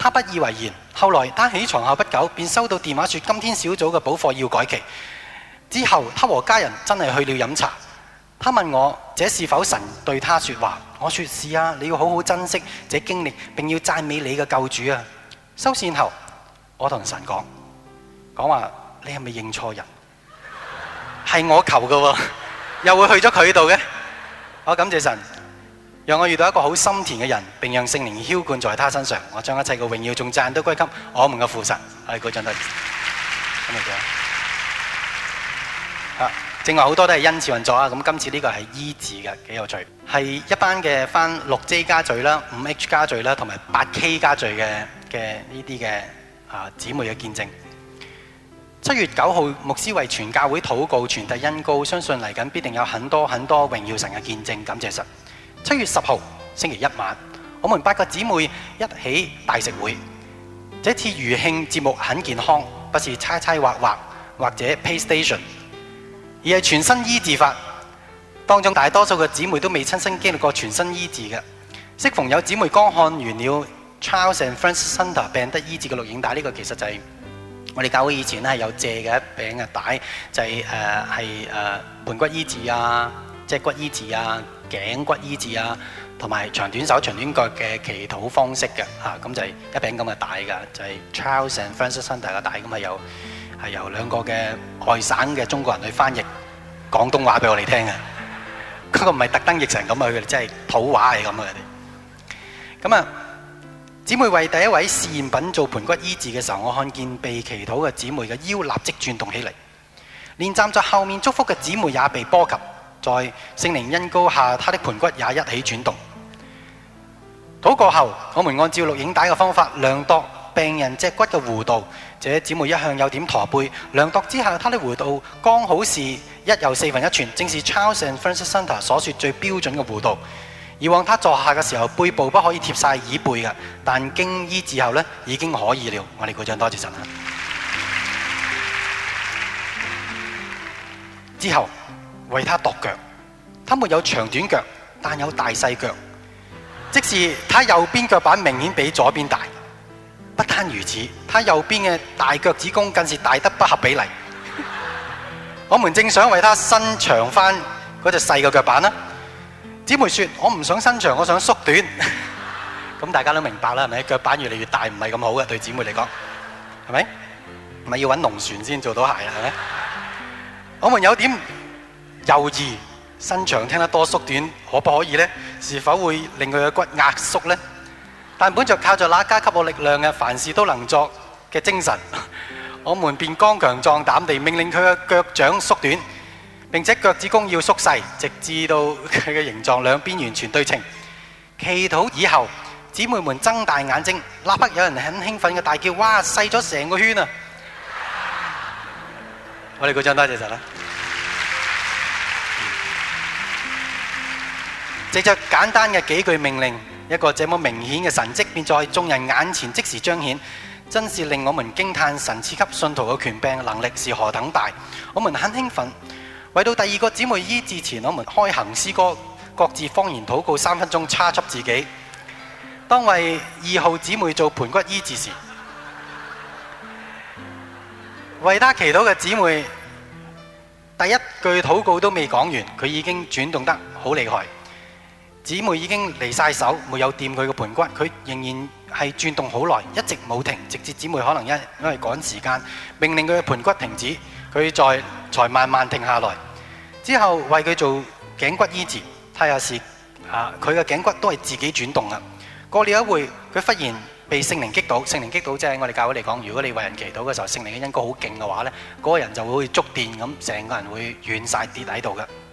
他不以為然。後來他起床後不久，便收到電話說今天小組嘅補課要改期。之後他和家人真係去了飲茶。他問我：這是否神對他說話？我說：是啊，你要好好珍惜這經歷，並要讚美你嘅救主啊！收線後，我同神講：講話，你係咪認錯人？係我求的，又會去咗佢度嘅。好，感謝神。讓我遇到一個好心田嘅人，並讓聖靈澆灌在他身上。我將一切嘅榮耀、眾讚都歸給我們嘅父神。係嗰張得，咁啊點啊？正話好多都係恩賜運作啊！咁今次呢個係醫治嘅，幾有趣。係一班嘅翻六 J 家聚啦、五 H 家聚啦、同埋八 K 家聚嘅嘅呢啲嘅啊姊妹嘅見證。七月九號牧師為全教會禱告、傳遞恩膏，相信嚟緊必定有很多很多榮耀神嘅見證。感謝神。七月十號星期一晚，我們八個姊妹一起大食會。這次餘慶節目很健康，不是猜猜畫畫或者 PlayStation，而係全身醫治法。當中大多數的姊妹都未親身經歷過全身醫治的。適逢有姊妹剛看完了 Charles and Frances Hunter 病得醫治嘅錄影帶，呢、這個其實就係、是、我哋教會以前係有借嘅一餅嘅帶，就係誒係誒盤骨醫治啊，脊骨醫治啊。頸骨醫治啊，同埋長短手、長短腳嘅祈禱方式嘅嚇，咁就係一餅咁嘅帶㗎，就係、是、Charles and Francis Hunter 嘅帶，咁啊由係由兩個嘅外省嘅中國人去翻譯廣東話俾我哋聽嘅。嗰、那個唔係特登譯成咁啊，佢即係土話嚟咁啊，佢哋咁啊，姊妹為第一位試驗品做盤骨醫治嘅時候，我看見被祈禱嘅姊妹嘅腰立即轉動起嚟，連站在後面祝福嘅姊妹也被波及。在聖靈恩膏下，他的盆骨也一起轉動。禱告後，我們按照錄影帶嘅方法量度病人脊骨嘅弧度。這姐妹一向有點駝背，量度之下，她的弧度剛好是一又四分一寸，正是 Charles and Francis Hunter 所說最標準嘅弧度。以往她坐下嘅時候，背部不可以貼晒椅背嘅，但經醫治後呢，已經可以了。我哋鼓掌多謝神。之後為他度腳，他沒有長短腳，但有大細腳。即是他右邊腳板明顯比左邊大，不單如此，他右邊嘅大腳趾公更是大得不合比例。我們正想為他伸長翻嗰隻細嘅腳板啦，姊妹說，我唔想伸長，我想縮短。咁 (laughs) 大家都明白啦，係咪？腳板越來越大唔係咁好嘅，對姊妹嚟講，係咪？咪要搵龍船先做到鞋啊，係咪？我們有點。幼兒身長聽得多縮短，可不可以呢？是否會令佢嘅骨壓縮呢？但本着靠著那加給我力量嘅凡事都能作嘅精神，我們便剛強壯膽地命令佢嘅腳掌縮短，並且腳趾公要縮細，直至到佢嘅形狀兩邊完全對稱。祈禱以後，姊妹們睜大眼睛，立刻有人很興奮嘅大叫：哇！細咗成個圈啊！我哋鼓掌多謝曬啦。借着簡單嘅幾句命令，一個這麼明顯嘅神蹟，便在眾人眼前即時彰顯，真是令我們驚嘆神賜給信徒嘅權柄能力是何等大！我們很興奮。為到第二個姊妹醫治前，我們開行詩歌，各自方言禱告三分鐘，差出自己。當為二號姊妹做盤骨醫治時，為她祈禱嘅姊妹，第一句禱告都未講完，佢已經轉動得好厲害。姊妹已經離曬手，沒有掂佢嘅盆骨，佢仍然係轉動好耐，一直冇停。直至姊妹可能因因為趕時間，命令佢嘅盆骨停止，佢才才慢慢停下來。之後為佢做頸骨醫治，睇下是啊，佢嘅頸骨都係自己轉動啊。過了一會，佢忽然被聖靈擊倒，聖靈擊倒即係我哋教會嚟講，如果你為人祈禱嘅時候，聖靈嘅恩膏好勁嘅話咧，嗰個人就會觸電咁，成個人會軟曬跌喺度嘅。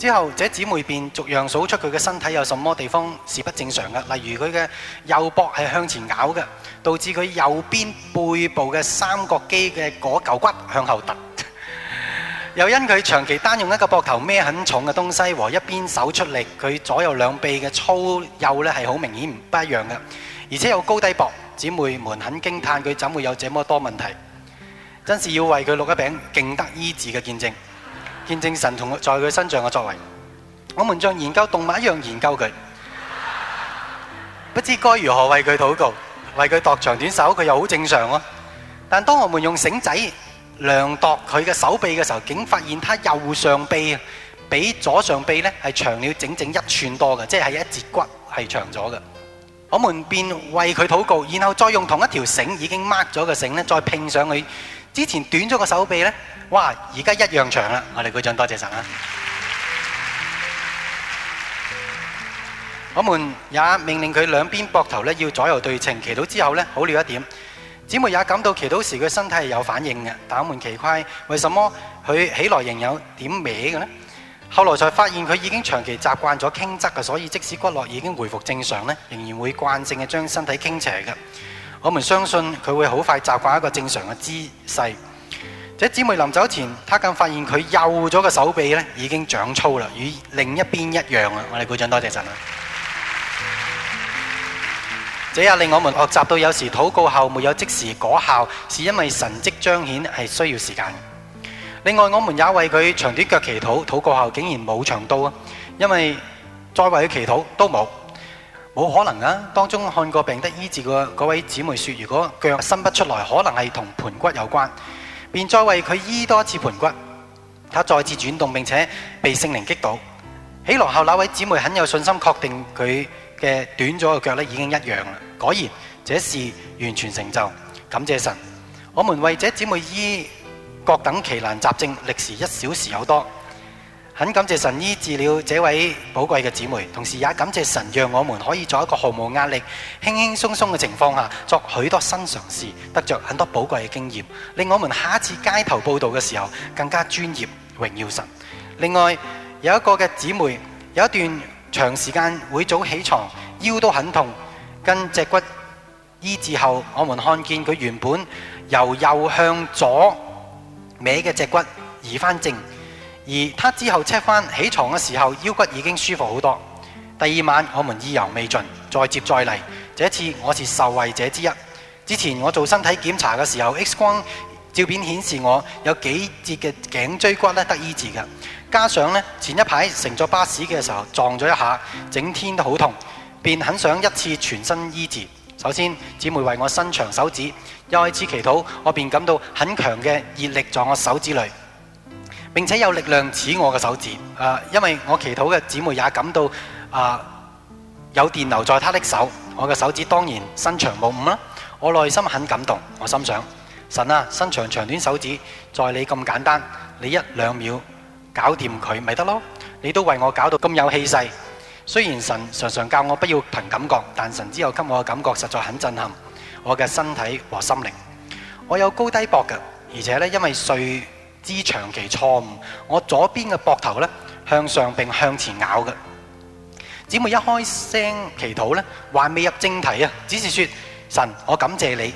之後，這姊妹便逐樣數出佢嘅身體有什麼地方是不正常嘅，例如佢嘅右膊係向前咬嘅，導致佢右邊背部嘅三角肌嘅嗰嚿骨向後突。 (laughs) 又因佢長期單用一個膊頭孭很重嘅東西和一邊手出力，佢左右兩臂嘅粗幼呢係好明顯唔不一樣嘅，而且有高低膊。姊妹們很驚嘆佢怎會有這麼多問題，真是要為佢錄一餅勁得醫治嘅見證。見證神同在佢身上嘅作為，我們像研究動物一樣研究佢，不知該如何為佢禱告，為佢度長短手，佢又好正常啊。但當我們用繩仔量度佢嘅手臂嘅時候，竟發現他右上臂比左上臂咧係長了整整一寸多嘅，即係一截骨係長咗嘅。我們便為佢禱告，然後再用同一條繩已經 mark 咗嘅繩咧，再拼上去。之前短咗個手臂咧，哇！而家一樣長啦。我哋舉掌多謝神啊！我們也命令佢兩邊膊頭咧要左右對稱，祈禱之後咧好了一點。姊妹也感到祈禱時佢身體係有反應嘅，但我們奇怪，為什麼佢起來仍有點歪嘅咧？後來才發現佢已經長期習慣咗傾側嘅，所以即使骨骼已經回復正常咧，仍然會慣性嘅將身體傾斜嘅。我們相信佢會好快習慣一個正常嘅姿勢。這姊妹臨走前，他更發現佢幼咗嘅手臂已經長粗了，與另一邊一樣了。我哋鼓掌多謝神啦。這也令我們學習到，有時禱告後沒有即時果效，是因為神蹟彰顯係需要時間。另外，我們也為佢長短腳祈禱，禱告後竟然冇長刀，因為再為佢祈禱都冇。冇可能啊！當中看過病得醫治的嗰位姊妹說，如果腳伸不出來，可能係同盤骨有關，便再為佢醫多一次盤骨。她再次轉動，並且被聖靈擊倒，起來後，那位姊妹很有信心確定佢嘅短咗嘅腳已經一樣了。果然，這事完全成就，感謝神！我們為這姊妹醫各等奇難雜症，歷時一小時有多。很感謝神醫治了這位寶貴嘅姊妹，同時也感謝神讓我們可以作一個毫無壓力、輕輕鬆鬆嘅情況下，作許多新嘗試，得着很多寶貴嘅經驗，令我們下一次街頭報道嘅時候更加專業，榮耀神。另外有一個嘅姊妹有一段長時間會早起床，腰都很痛，跟脊骨醫治後，我們看見佢原本由右向左歪嘅脊骨移返正。而他之後 check 翻起床嘅時候，腰骨已經舒服好多。第二晚，我們意猶未盡，再接再厲。這次我是受惠者之一。之前我做身體檢查嘅時候，X 光照片顯示我有幾節嘅頸椎骨咧得醫治嘅，加上呢前一排乘咗巴士嘅時候撞咗一下，整天都好痛，便很想一次全身醫治。首先，姊妹為我伸長手指，一開始祈禱，我便感到很強嘅熱力在我手指裏。並且有力量指我嘅手指，啊，因為我祈禱嘅姊妹也感到啊有電流在她的手，我嘅手指當然伸長冇誤啦。我內心很感動，我心想：神啊，伸長長短手指，在你咁簡單，你一兩秒搞掂佢咪得咯？你都為我搞到咁有氣勢。雖然神常常教我不要憑感覺，但神之後給我嘅感覺實在很震撼我嘅身體和心靈。我有高低膊嘅，而且呢，因為睡。知長期錯誤，我左邊嘅膊頭咧向上並向前咬嘅姊妹一開聲祈禱咧，還未入正題啊，只是說神，我感謝你，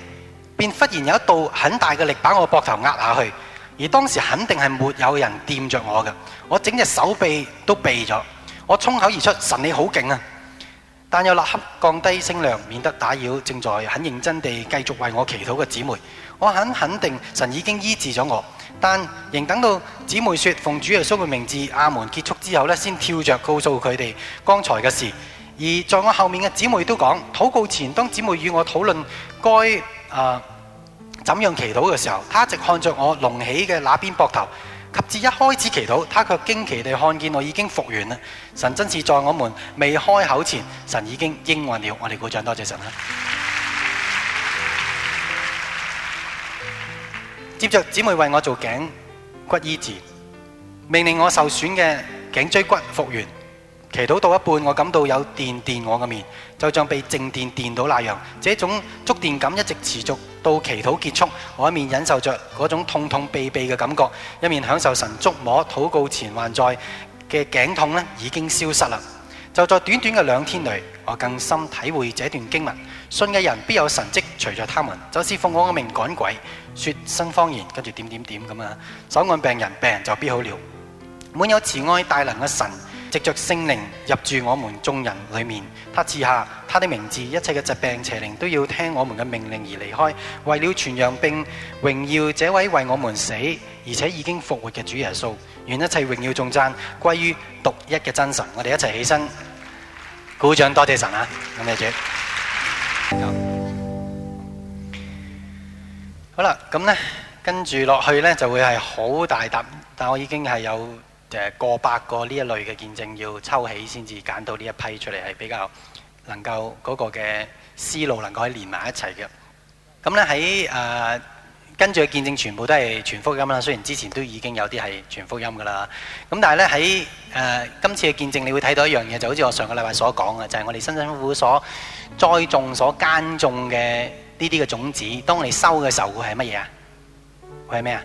便忽然有一道很大嘅力把我膊頭壓下去，而當時肯定係沒有人掂着我嘅，我整隻手臂都痹咗，我衝口而出：神你好勁啊！但又立刻降低聲量，免得打擾正在很認真地繼續為我祈禱嘅姊妹。我很肯，肯定神已經醫治咗我，但仍等到姊妹説奉主耶穌嘅名字阿門結束之後咧，先跳着告訴佢哋剛才嘅事。而在我後面嘅姊妹都講，禱告前當姊妹與我討論該啊怎樣祈禱嘅時候，她一直看着我隆起嘅那邊膊頭，及至一開始祈禱，她卻驚奇地看見我已經復原啦。神真是在我們未開口前，神已經應允了。我哋鼓掌，多謝神啊！接着姊妹為我做頸骨醫治，命令我受損嘅頸椎骨復原。祈禱到一半，我感到有電電我嘅面，就像被靜電電到那樣。這種觸電感一直持續到祈禱結束，我一面忍受着嗰種痛痛痹痹嘅感覺，一面享受神觸摸。禱告前還在嘅頸痛已經消失了。就在短短嘅兩天內，我更深體會這段經文：信嘅人必有神蹟隨着他們。就是奉我嘅命趕鬼。說新方言，跟住點點點咁啊！手按病人，病人就必好了。滿有慈愛大能嘅神，藉着聖靈入住我們眾人裏面。他賜下他的名字，一切嘅疾病邪靈都要聽我們嘅命令而離開。為了傳揚並榮耀這位為我們死而且已經復活嘅主耶穌，願一切榮耀頌讚歸於獨一嘅真神。我哋一齊起，起身，鼓掌，多謝神啊！咁嘅好啦，咁咧跟住落去咧就會係好大沓，但我已經係有誒、呃、過百個呢一類嘅見證要抽起先至揀到呢一批出嚟，係比較能夠嗰、那個嘅思路能夠係連埋一齊嘅。咁咧喺誒跟住嘅見證全部都係全福音啦，雖然之前都已經有啲係全福音噶啦。咁但係咧喺誒今次嘅見證，你會睇到一樣嘢，就好似我上個禮拜所講嘅，就係、是、我哋辛辛苦苦所栽種、所間種嘅。呢啲嘅種子，當你收嘅時候，會係乜嘢啊？會係咩啊？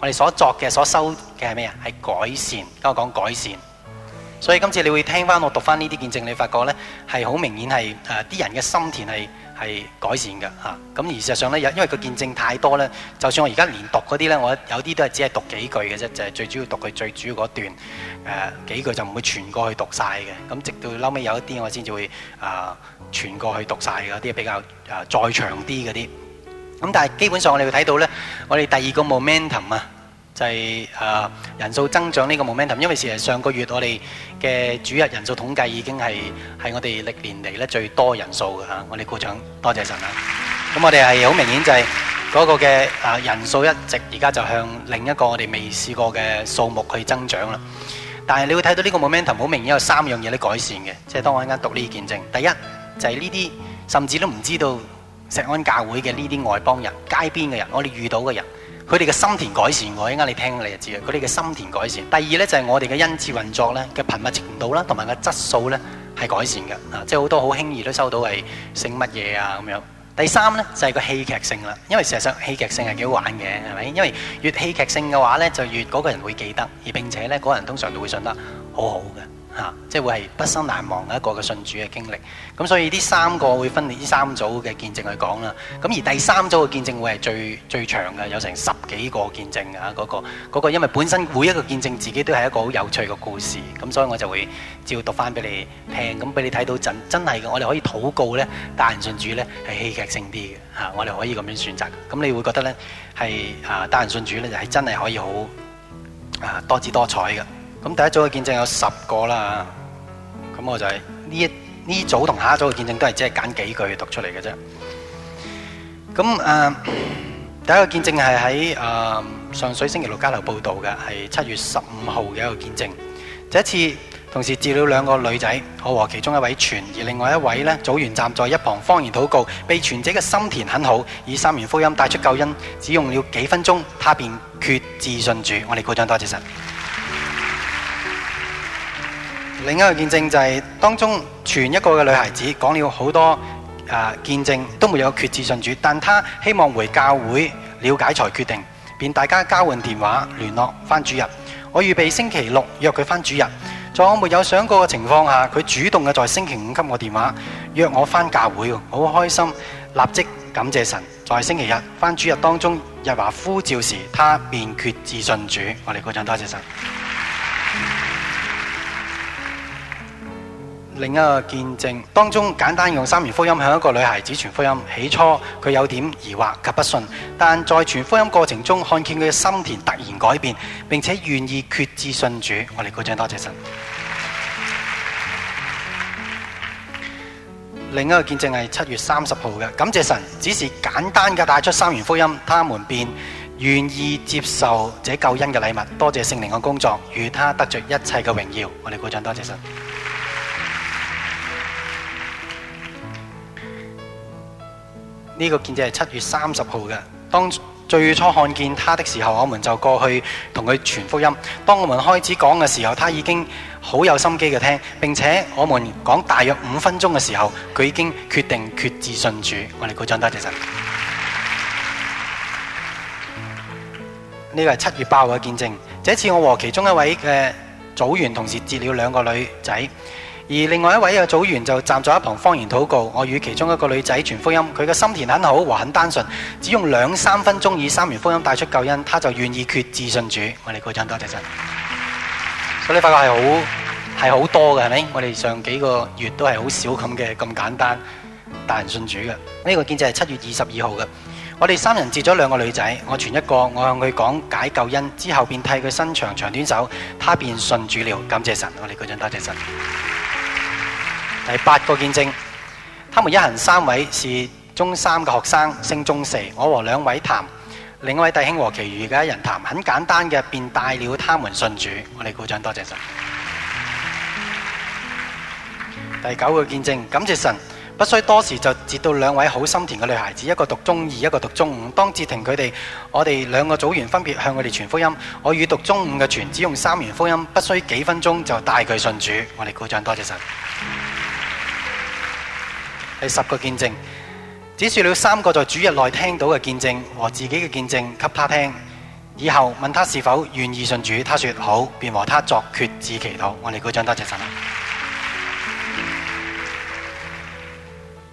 我哋所作嘅、所收嘅係咩啊？係改善。跟我講改善。所以今次你會聽翻我讀翻呢啲見證，你會發覺咧係好明顯係誒啲人嘅心田係。係改善嘅嚇，咁、啊、而實際上咧，有因為佢見證太多咧，就算我而家連讀嗰啲咧，我有啲都係只係讀幾句嘅啫，就係、是、最主要讀佢最主要嗰段誒、啊、幾句就唔會傳過去讀晒嘅，咁直到後尾有一啲我先至會啊傳過去讀晒嘅啲比較誒、啊、再長啲嗰啲，咁但係基本上我哋會睇到咧，我哋第二個 momentum 啊。就係誒人數增長呢個 momentum，因為事實上個月我哋嘅主日人數統計已經係係我哋歷年嚟咧最多人數嘅嚇，我哋鼓掌，多謝神啦、啊！咁 (laughs) 我哋係好明顯就係嗰個嘅誒人數一直而家就向另一個我哋未試過嘅數目去增長啦。但係你會睇到呢個 momentum 好明顯有三樣嘢啲改善嘅，即係當我一陣讀呢啲見證，第一就係呢啲甚至都唔知道石安教會嘅呢啲外邦人、街邊嘅人，我哋遇到嘅人。佢哋嘅心田改善，我一陣間你聽你就知嘅。佢哋嘅心田改善。第二咧就係我哋嘅恩賜運作咧嘅頻密程度啦，同埋個質素咧係改善嘅。啊，即係好多好輕易都收到係姓乜嘢啊咁樣。第三咧就係個戲劇性啦，因為事實上戲劇性係幾好玩嘅，係咪？因為越戲劇性嘅話咧，就越嗰個人會記得，而並且咧嗰人通常都會信得好好嘅。即係會係畢生難忘嘅一個嘅信主嘅經歷，咁所以呢三個會分列呢三組嘅見證去講啦。咁而第三組嘅見證會係最最長嘅，有成十幾個見證嘅嗰個嗰個，那個、因為本身每一個見證自己都係一個好有趣嘅故事，咁所以我就會照讀翻俾你聽，咁俾你睇到真真係嘅，我哋可以禱告咧，帶人信主咧係戲劇性啲嘅嚇，我哋可以咁樣選擇。咁你會覺得咧係啊帶人信主咧就係真係可以好啊多姿多彩嘅。咁第一組嘅見證有十個啦，咁我就係呢呢組同下一組嘅見證都係只係揀幾句讀出嚟嘅啫。咁啊、呃，第一個見證係喺啊上水星期六交流報道嘅，係七月十五號嘅一個見證。第一次同時治療了兩個女仔，我和其中一位傳，而另外一位咧組員站在一旁方言禱告。被傳者嘅心田很好，以三元福音帶出救恩，只用了幾分鐘，他便決志信主。我哋鼓掌，多謝神。另一個見證就係當中全一個嘅女孩子講了好多啊見證都沒有決志信主，但她希望回教會了解才決定，便大家交換電話聯絡翻主日。我預備星期六約佢翻主日，在我沒有想過嘅情況下，佢主動嘅在星期五給我電話約我翻教會，好開心，立即感謝神。在星期日翻主日當中，日華呼召時，他便決志信主。我哋鼓掌，多謝神。嗯另一個見證當中，簡單用三元福音向一個女孩子傳福音，起初佢有點疑惑，及不信，但在傳福音過程中，看見佢嘅心田突然改變，並且願意決志信主。我哋鼓掌，多謝神。另一個見證係七月三十號嘅，感謝神，只是簡單嘅帶出三元福音，他們便願意接受這救恩嘅禮物。多謝聖靈嘅工作，與他得着一切嘅榮耀。我哋鼓掌，多謝神。呢個見證係七月三十號嘅。當最初看見他的時候，我們就過去同佢傳福音。當我們開始講嘅時候，他已經好有心機嘅聽。並且我們講大約五分鐘嘅時候，佢已經決定決志信主。我哋鼓掌，多謝晒。呢個係七月八號嘅見證。這次我和其中一位嘅組員同時接了兩個女仔。而另外一位嘅組員就站在一旁方言禱告。我與其中一個女仔傳福音，佢嘅心田很好，話很單純，只用兩三分鐘以三元福音帶出救恩，他就願意決志信主。我哋鼓掌多謝神。所以你發覺係好係好多嘅，係咪？我哋上幾個月都係好少咁嘅咁簡單，大人信主嘅呢、呢個見證係七月二十二號嘅。我哋三人接咗兩個女仔，我傳一個，我向佢講解救恩之後，便替佢伸長長短手，他便信主了。感謝神，我哋鼓掌多謝神。第八個見證，他們一行三位是中三嘅學生，升中四。我和兩位談，另一位弟兄和其餘嘅一人談，很簡單嘅便帶了他們信主。我哋鼓掌，多謝神。第九個見證，感謝神，不需多時就接到兩位好心田嘅女孩子，一個讀中二，一個讀中五。當截停佢哋，我哋兩個組員分別向佢哋傳福音。我與讀中五嘅傳，只用三元福音，不需幾分鐘就帶佢信主。我哋鼓掌，多謝神。第十個見證，只說了三個在主日內聽到嘅見證和自己嘅見證，給他聽。以後問他是否願意信主，他說好，便和他作決志祈禱。我哋鼓掌多謝、謝神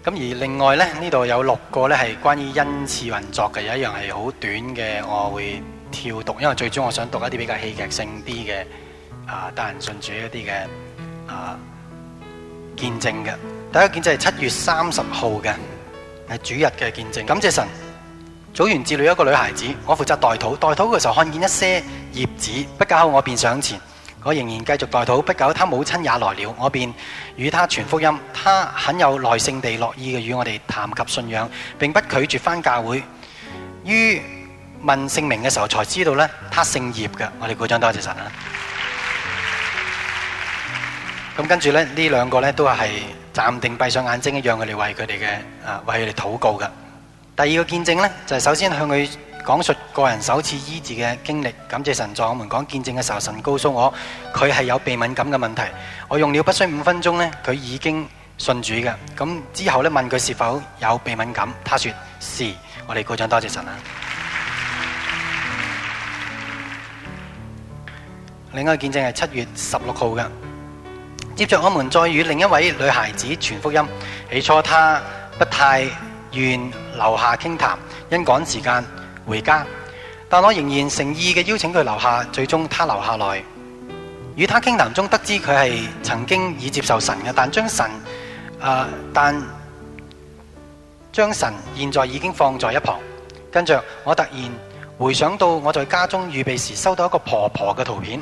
咁、嗯、而另外呢，呢度有六個咧係關於恩賜運作嘅，有一樣係好短嘅，我會跳讀，因為最終我想讀一啲比較戲劇性啲嘅啊，帶、呃、信主一啲嘅啊。呃見證嘅，第一個見證係七月三十號嘅，係主日嘅見證。感謝神，早園接來一個女孩子，我負責代禱，代禱嘅時候看見一些葉子，不久我便上前，我仍然繼續代禱，不久她母親也來了，我便與她傳福音，她很有耐性地樂意嘅與我哋談及信仰，並不拒絕返教會。於問姓名嘅時候，才知道呢，她姓葉嘅。我哋鼓掌，多謝神啊！咁跟住呢，呢兩個呢都係暫定閉上眼睛，讓佢哋為佢哋嘅啊，為佢哋禱告嘅。第二個見證呢，就係首先向佢講述個人首次醫治嘅經歷。感謝神在我們講見證嘅時候，神告訴我佢係有鼻敏感嘅問題。我用了不需五分鐘呢，佢已經信主嘅。咁之後呢，問佢是否有鼻敏感，他說是。我哋鼓掌，多謝神啊！另一個見證係七月十六號嘅。接着，我們再與另一位女孩子傳福音。起初，她不太願留下傾談，談，因趕時間回家。但我仍然誠意嘅邀請佢留下，最終她留下來。與她傾談，談中，得知佢係曾經已接受神嘅，但將神、呃、但將神現在已經放在一旁。跟着我突然回想到我在家中預備時收到一個婆婆嘅圖片。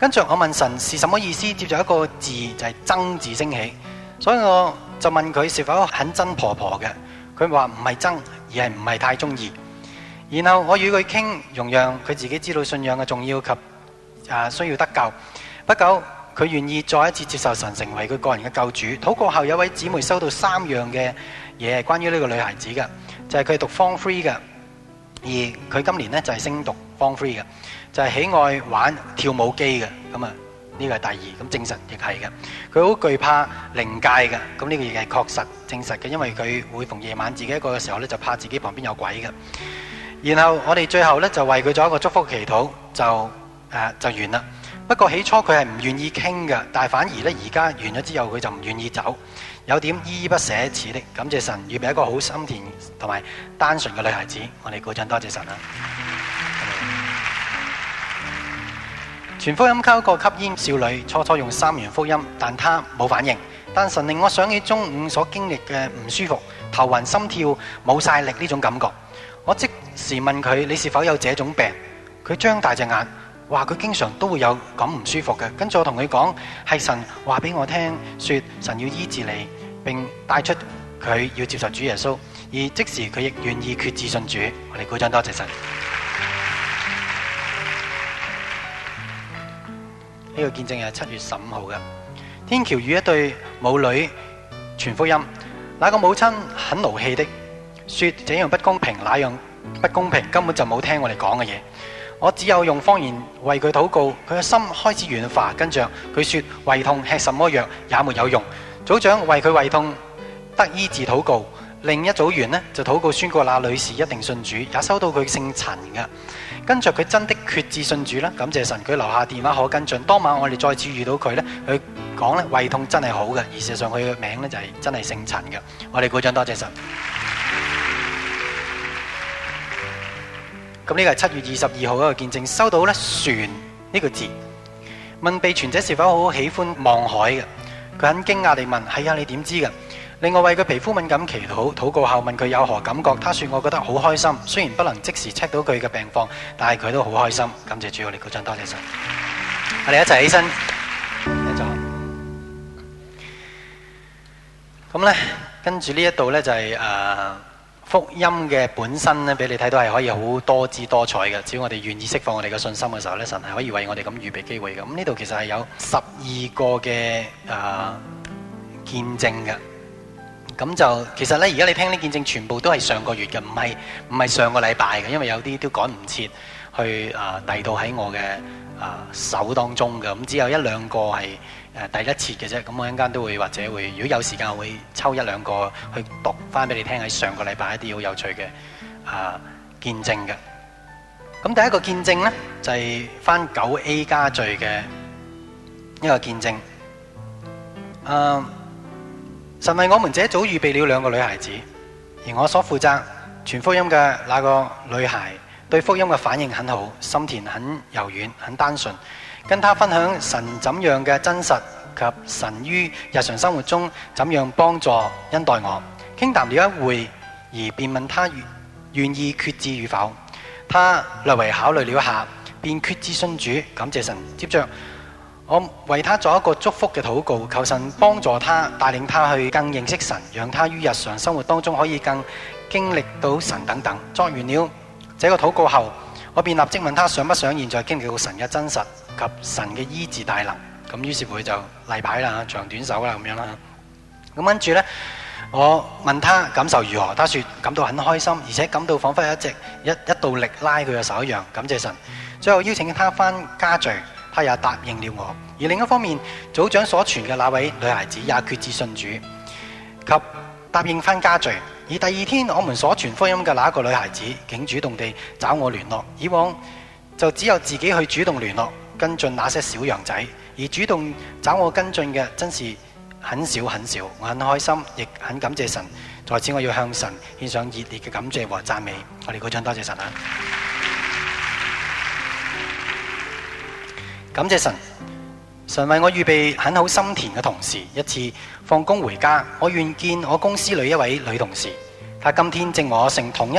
跟住我問神是什麼意思？接着一個字就係、是、憎字升起，所以我就問佢是否很憎婆婆嘅？佢話唔係憎，而係唔係太中意。然後我與佢傾，容讓佢自己知道信仰嘅重要及啊需要得救。不久，佢願意再一次接受神成為佢個人嘅救主。禱告後，有位姊妹收到三樣嘅嘢，關於呢個女孩子嘅，就係、是、佢讀 Form 3嘅，而佢今年呢，就係升讀 Form 3嘅。就係喜愛玩跳舞機嘅，咁啊呢個係第二，咁證實亦係嘅。佢好懼怕靈界嘅，咁、這、呢個亦係確實證實嘅，因為佢每逢夜晚自己一個嘅時候呢，就怕自己旁邊有鬼嘅。然後我哋最後呢，就為佢做一個祝福祈禱，就誒、呃、就完啦。不過起初佢係唔願意傾嘅，但係反而呢，而家完咗之後，佢就唔願意走，有點依依不捨似的。感謝神，預備一個好心田同埋單純嘅女孩子，我哋鼓掌多謝神啊。全福音溝一個吸煙少女初初用三元福音，但她冇反應。但神令我想起中午所經歷嘅唔舒服、頭暈心跳沒、冇晒力呢種感覺。我即時問佢：你是否有這種病？佢張大隻眼，話佢經常都會有咁唔舒服嘅。跟住我同佢講：係神話俾我聽，說神要醫治你，並帶出佢要接受主耶穌。而即時佢亦願意決志信主。我哋鼓掌，多謝神。呢個見證係七月十五號嘅，天橋與一對母女傳福音。那個母親很勞氣的，説：這樣不公平，那樣不公平，根本就冇聽我哋講嘅嘢。我只有用方言為佢禱告，佢嘅心開始軟化。跟著佢説：胃痛，吃什麼藥也沒有用。組長為佢胃痛得醫治禱告，另一組員呢，就禱告宣國宣告那女士一定信主，也收到佢姓陳嘅。跟著佢真的決志信主啦，感謝神，佢留下電話可跟進。當晚我哋再次遇到佢咧，佢講咧胃痛真係好嘅，而事實上佢嘅名咧就係、是、真係姓陳嘅。我哋鼓掌，多謝神。咁呢個係七月二十二號一個見證收到咧，船、這、呢個字問被傳者是否好喜歡望海嘅，佢很驚訝地問：係、哎、啊，你點知㗎？另外為佢皮膚敏感祈禱，禱告後問佢有何感覺，他說：我覺得好開心。雖然不能即時 check 到佢嘅病況，但係佢都好開心。感謝主，我哋鼓掌，多謝神。我哋謝一齊起，起身，咁咧，跟住謝呢一度咧就係、是、誒、呃、福音嘅本身咧，俾你睇到係可以好多姿多彩嘅。只要我哋願意釋放我哋嘅信心嘅時候咧，神係可以為我哋咁預備機會嘅。咁呢度其實係有十二個嘅誒、呃、見證嘅。咁就其實咧，而家你聽啲見證，全部都係上個月嘅，唔係唔係上個禮拜嘅，因為有啲都趕唔切去啊遞、呃、到喺我嘅啊、呃、手當中嘅，咁只有一兩個係誒第一次嘅啫。咁我一陣間都會，會或者會，如果有時間我會抽一兩個去讀翻俾你聽，喺上個禮拜一啲好有趣嘅啊、呃、見證嘅。咁第一個見證呢，就係返九 A 家聚嘅一個見證啊。呃神為我們這早預備了兩個女孩子，而我所負責傳福音嘅那個女孩，對福音嘅反應很好，心田很柔軟，很單純。跟她分享神怎樣嘅真實及神於日常生活中怎樣幫助恩待我，傾談，談了一會，而便問她願意決志與否。她略為考慮了一下，便決志信主，感謝神。接着。我為他做一個祝福嘅禱告，求神幫助他帶領他去更認識神，讓他於日常生活當中可以更經歷到神等等。作完了這個禱告後，我便立即問他想不想現在經歷到神嘅真實及神嘅醫治大能。咁於是佢就例牌啦，長短手啦咁樣啦。咁跟住呢，我問他感受如何，他說感到很開心，而且感到仿佛有一直一一一道力拉佢嘅手一樣，感謝神。最後邀請他翻家聚。他也答應了我，而另一方面，組長所傳嘅那位女孩子也決志信主及答應翻家聚。而第二天，我們所傳福音嘅那一個女孩子竟主動地找我聯絡。以往就只有自己去主動聯絡跟進那些小羊仔，而主動找我跟進嘅真是很少很少。我很開心，亦很感謝神。在此，我要向神獻上熱烈嘅感謝和讚美。我哋鼓掌多謝神啊！感謝神，神為我預備很好的心田嘅同事。一次放工回家，我遇見我公司裏一位女同事，她今天正和我乘同一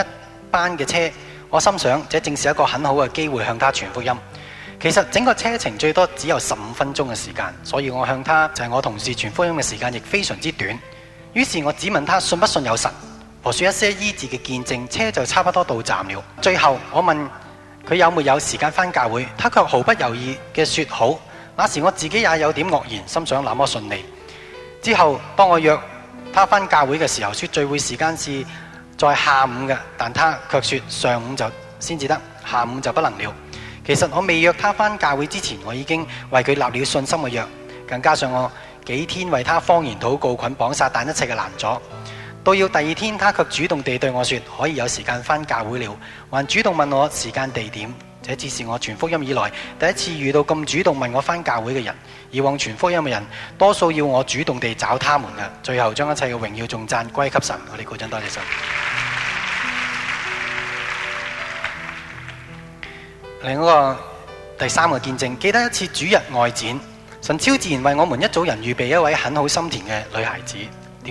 班嘅車。我心想，這正是一個很好嘅機會向她傳福音。其實整個車程最多只有十五分鐘嘅時間，所以我向她就係、是、我同事傳福音嘅時間亦非常之短。於是，我只問她信不信有神，和說一些醫治嘅見證。車就差不多到站了。最後，我問。佢有沒有時間返教會？他卻毫不猶豫嘅說好。那時我自己也有點愕然，心想那麼順利。之後當我約他返教會嘅時候，說聚會時間是在下午嘅，但他卻說上午就先至得，下午就不能了。其實我未約他返教會之前，我已經為佢立了信心嘅約，更加上我幾天為他方言禱告、捆綁撒但一切嘅難阻。到要第二天，他卻主動地對我說：可以有時間返教會了，還主動問我時間地點。這次是我全福音以來第一次遇到咁主動問我返教會嘅人。以往全福音嘅人，多數要我主動地找他們的。最後將一切嘅榮耀重贊歸給神。我哋鼓掌多謝神。另一個第三個見證，記得一次主日外展，神超自然為我們一組人預備一位很好心田嘅女孩子。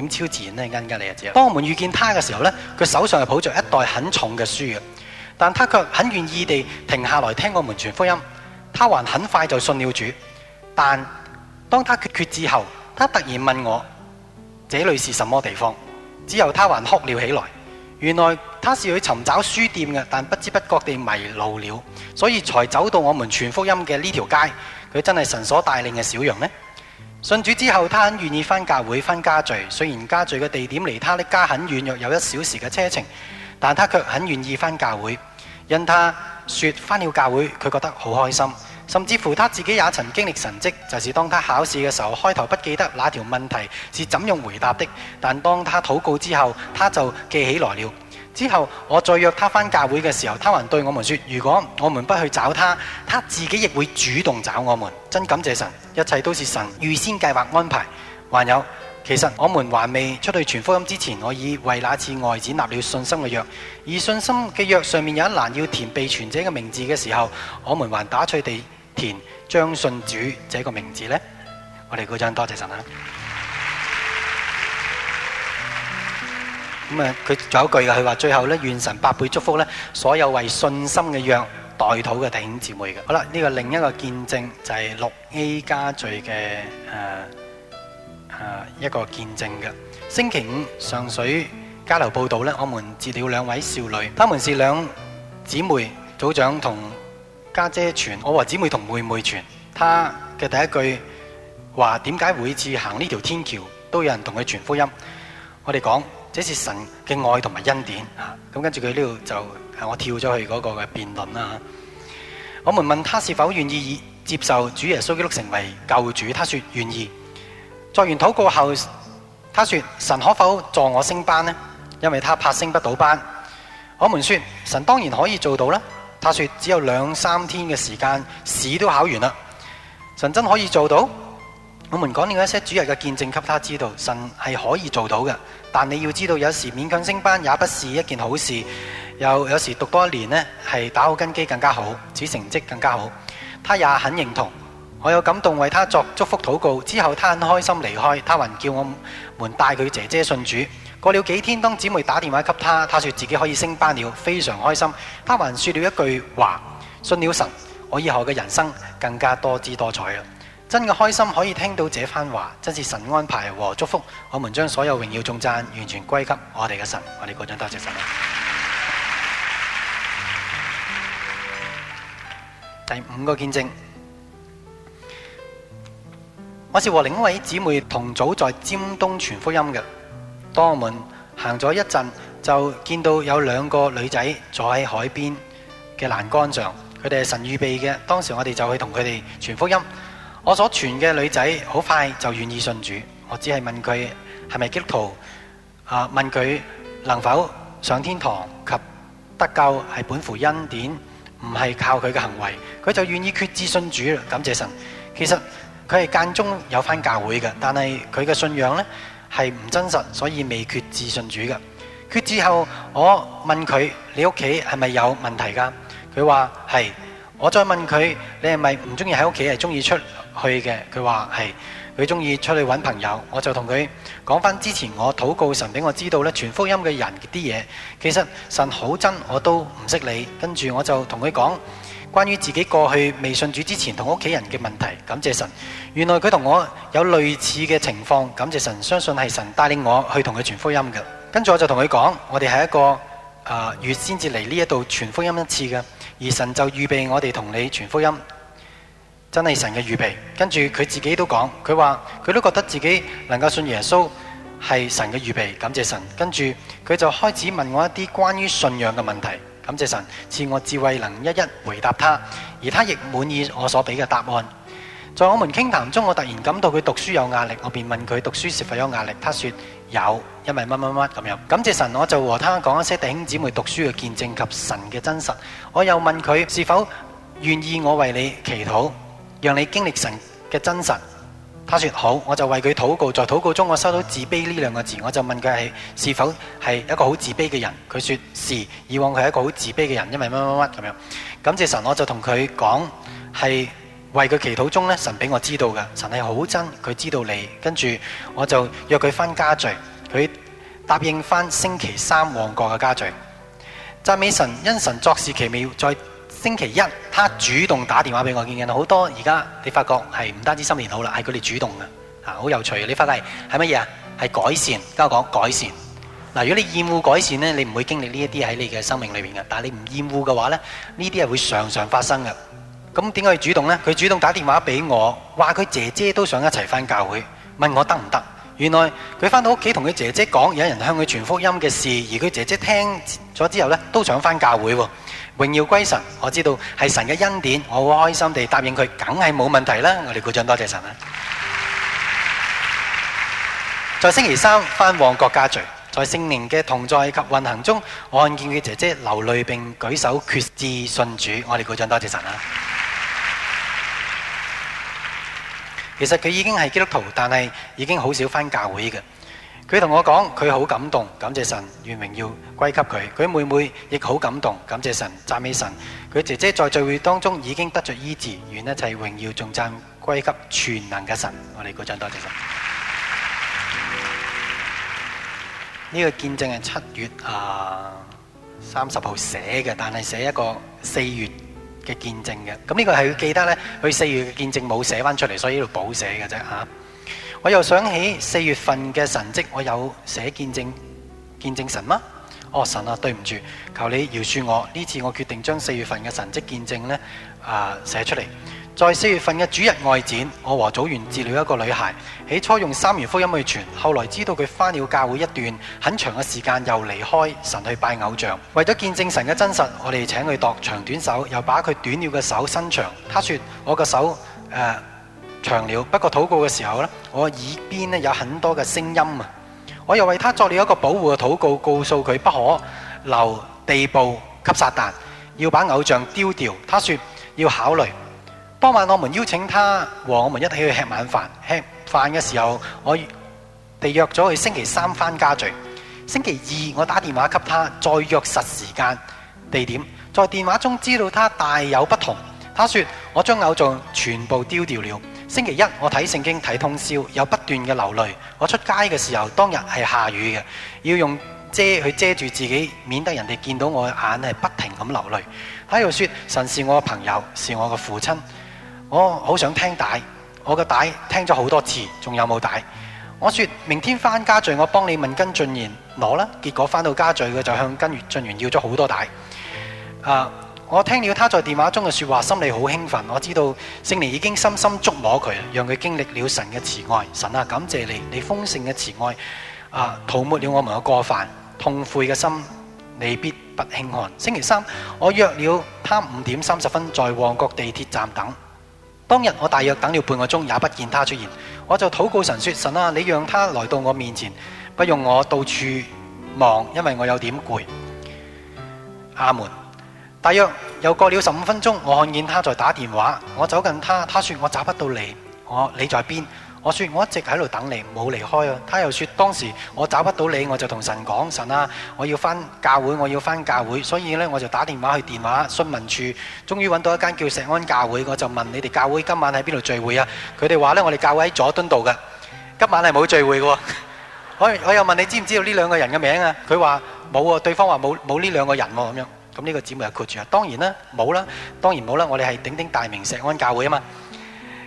點超自然呢？恩利，當我們遇見他嘅時候呢，佢手上係抱着一袋很重嘅書嘅，但他卻很願意地停下來聽我們傳福音。他還很快就信了主，但當他決絕之後，他突然問我：這裡是什麼地方？之後他還哭了起來。原來他是去尋找書店嘅，但不知不覺地迷路了，所以才走到我們傳福音嘅呢條街。佢真係神所帶領嘅小羊呢。信主之後，他很願意返教會返家聚。雖然家聚嘅地點離他，他的家很遠，約有一小時嘅車程，但他卻很願意返教會，因他說返了教會，佢覺得好開心。甚至乎他自己也曾經歷神迹，就是當他考試嘅時候，開頭不記得那條問題是怎樣回答的，但當他禱告之後，他就記起來了。之後我再約他返教會嘅時候，他還對我們說：如果我們不去找他，他自己亦會主動找我們。真感謝神，一切都是神預先計劃安排。還有，其實我們還未出去傳福音之前，我已為那次外展立了信心嘅約。而信心嘅約上面有一欄要填被傳者嘅名字嘅時候，我們還打趣地填張信主這個名字呢。我哋鼓掌多謝神咁啊！佢仲有一句嘅，佢話最後咧，願神百倍祝福咧，所有為信心嘅約代禱嘅弟兄姊妹嘅。好啦，呢、這個另一個見證就係、是、六 A 家聚嘅誒誒一個見證嘅。星期五上水交流報道咧，我們接了兩位少女，他們是兩姊妹組長同家姐，姐傳，我和姊妹同妹妹傳，她嘅第一句話點解每次行呢條天橋都有人同佢傳福音？我哋講。這是神嘅愛同埋恩典嚇，咁跟住佢呢度就係我跳咗去嗰個嘅辯論啦。我們問他是否願意接受主耶穌基督成為救主，他說願意。作完禱告後，他說：神可否助我升班呢？因為他怕升不到班。我們說：神當然可以做到啦。他說：只有兩三天嘅時間，試都考完啦。神真可以做到？我們講了一些主日嘅見證給他知道，神係可以做到嘅。但你要知道，有時勉強升班也不是一件好事。有有時讀多一年咧，係打好根基更加好，主成績更加好。他也很認同，我有感動為他作祝福禱告。之後他很開心離開，他還叫我們帶佢姐姐信主。過了幾天，當姐妹打電話給他，他說自己可以升班了，非常開心。他還說了一句話：信了神，我以後嘅人生更加多姿多彩了。真嘅開心可以聽到這番話，真是神安排和祝福。我們將所有榮耀頌讚完全歸給我哋嘅神。我哋鼓掌多謝神。第五個見證，我是和另一位姊妹同組在尖東傳福音嘅。當我們行咗一陣，就見到有兩個女仔坐喺海邊嘅欄杆上，佢哋係神預備嘅。當時我哋就去同佢哋傳福音。我所傳嘅女仔好快就願意信主，我只係問佢係咪基督徒，啊問佢能否上天堂及得救係本乎恩典，唔係靠佢嘅行為，佢就願意決志信主啦。感謝神，其實佢係間中有返教會嘅，但係佢嘅信仰咧係唔真實，所以未決志信主嘅。決志後，我問佢你屋企係咪有問題㗎？佢話係。我再問佢你係咪唔中意喺屋企，係中意出去嘅，佢話係佢中意出去搵朋友，我就同佢講翻之前我禱告神俾我知道呢，傳福音嘅人啲嘢，其實神好憎我都唔識你，跟住我就同佢講關於自己過去未信主之前同屋企人嘅問題，感謝神，原來佢同我有類似嘅情況，感謝神，相信係神帶領我去同佢傳福音嘅，跟住我就同佢講，我哋係一個、呃、月先至嚟呢一度傳福音一次嘅，而神就預備我哋同你傳福音。真係神嘅預備，跟住佢自己都講，佢話佢都覺得自己能夠信耶穌係神嘅預備，感謝神。跟住佢就開始問我一啲關於信仰嘅問題，感謝神賜我智慧能一一回答他，而他亦滿意我所俾嘅答案。在我們傾談中，我突然感到佢讀書有壓力，我便問佢讀書是否有壓力，他說有，因為乜乜乜咁樣。感謝神，我就和他講一些弟兄姊妹讀書嘅見證及神嘅真實。我又問佢是否願意我為你祈禱？讓你經歷神嘅真實，他說好，我就為佢禱告。在禱告中，我收到自卑呢兩個字，我就問佢係是，是否係一個好自卑嘅人。佢說是，以往佢係一個好自卑嘅人，因為乜乜乜咁樣。感謝神，我就同佢講係為佢祈禱中咧，神俾我知道嘅，神係好真，佢知道你。跟住我就約佢翻家聚，佢答應翻星期三旺角嘅家聚。讚美神，因神作事奇妙，在。星期一，他主動打電話俾我見緊好多。而家你發覺係唔單止心年好啦，係佢哋主動嘅，嚇、啊、好有趣，你發例係乜嘢啊？係改善，交我講改善。嗱、啊，如果你厭惡改善咧，你唔會經歷呢一啲喺你嘅生命裏面嘅。但係你唔厭惡嘅話咧，呢啲係會常常發生嘅。咁點解佢主動咧？佢主動打電話俾我，話佢姐姐都想一齊翻教會，問我得唔得？原來佢翻到屋企同佢姐姐講，有人向佢傳福音嘅事，而佢姐姐聽咗之後咧，都想翻教會喎。榮耀歸神，我知道係神嘅恩典，我好開心地答應佢，梗係冇問題啦！我哋鼓掌多謝神啦。 (laughs) 在星期三返往國家聚，在聖靈嘅同在及運行中，我看見佢姐姐流淚並舉手決志信主，我哋鼓掌多謝神啦。 (laughs) 其實佢已經係基督徒，但係已經好少返教會嘅。佢同我講，佢好感動，感謝神，願榮耀歸給佢。佢妹妹亦好感動，感謝神，讚美神。佢姐姐在聚會當中已經得咗醫治，願一切榮耀仲讚歸給全能嘅神。我哋鼓掌，多謝神。呢個見證係七月啊三十號寫嘅，但係寫一個四月嘅見證嘅。咁呢個係佢記得咧，佢四月嘅見證冇寫翻出嚟，所以呢度補寫嘅啫嚇。我又想起四月份嘅神蹟，我有寫見證見證神嗎？哦，神啊，對唔住，求你饒恕我，呢次我決定將四月份嘅神蹟見證呢啊、呃、寫出嚟。在四月份嘅主日外展，我和組員治療一個女孩，起初用三元福音去傳，後來知道佢翻了教會一段很長嘅時間，又離開神去拜偶像。為咗見證神嘅真實，我哋請佢度長短手，又把佢短了嘅手伸長。他說我的手：我嘅手誒。長了，不過禱告嘅時候呢，我耳邊呢有很多嘅聲音啊！我又為他作了一個保護嘅禱告，告訴佢不可留地步給撒但，要把偶像丟掉。他說要考慮。當晚我們邀請他和我們一起去吃晚飯，吃飯嘅時候我哋約咗佢星期三翻家聚。星期二我打電話給他，再約實時間地點。在電話中知道他大有不同。他說我將偶像全部丟掉了。星期一我睇聖經睇通宵，有不斷嘅流淚。我出街嘅時候當日係下雨嘅，要用遮去遮住自己，免得人哋見到我眼係不停咁流淚。喺度說神是我嘅朋友，是我嘅父親。我好想聽帶，我嘅帶聽咗好多次，仲有冇帶？我說明天翻家聚，我幫你問跟俊賢攞啦。結果翻到家聚佢就向跟俊賢要咗好多帶。啊、uh,！我聽了他在電話中嘅說話，心裏好興奮。我知道聖靈已經深深觸摸佢，讓佢經歷了神嘅慈愛。神啊，感謝你，你豐盛嘅慈愛啊，塗抹了我們嘅過犯，痛悔嘅心，你必不輕看。星期三，我約了他五點三十分在旺角地鐵站等。當日我大約等了半個鐘，也不見他出現，我就禱告神說：神啊，你讓他來到我面前，不用我到處忙，因為我有點攰。阿門。大約又過了十五分鐘，我看見他在打電話。我走近他，他說：我找不到你。我你在邊？我說：我一直喺度等你，冇離開啊。他又說：當時我找不到你，我就同神講：神啊，我要返教會，我要返教會。所以呢，我就打電話去電話詢問處，終於揾到一間叫石安教會。我就問，你哋教會今晚喺邊度聚會啊？佢哋話呢，我哋教會喺佐敦道嘅，今晚係冇聚會嘅，啊。 (laughs) 我又問，你知唔知道呢兩個人嘅名啊？佢話冇啊，對方話冇冇呢兩個人喎、啊呢個姊妹又括住啊！當然啦，冇啦，當然冇啦。我哋係鼎鼎大名石安教會啊嘛。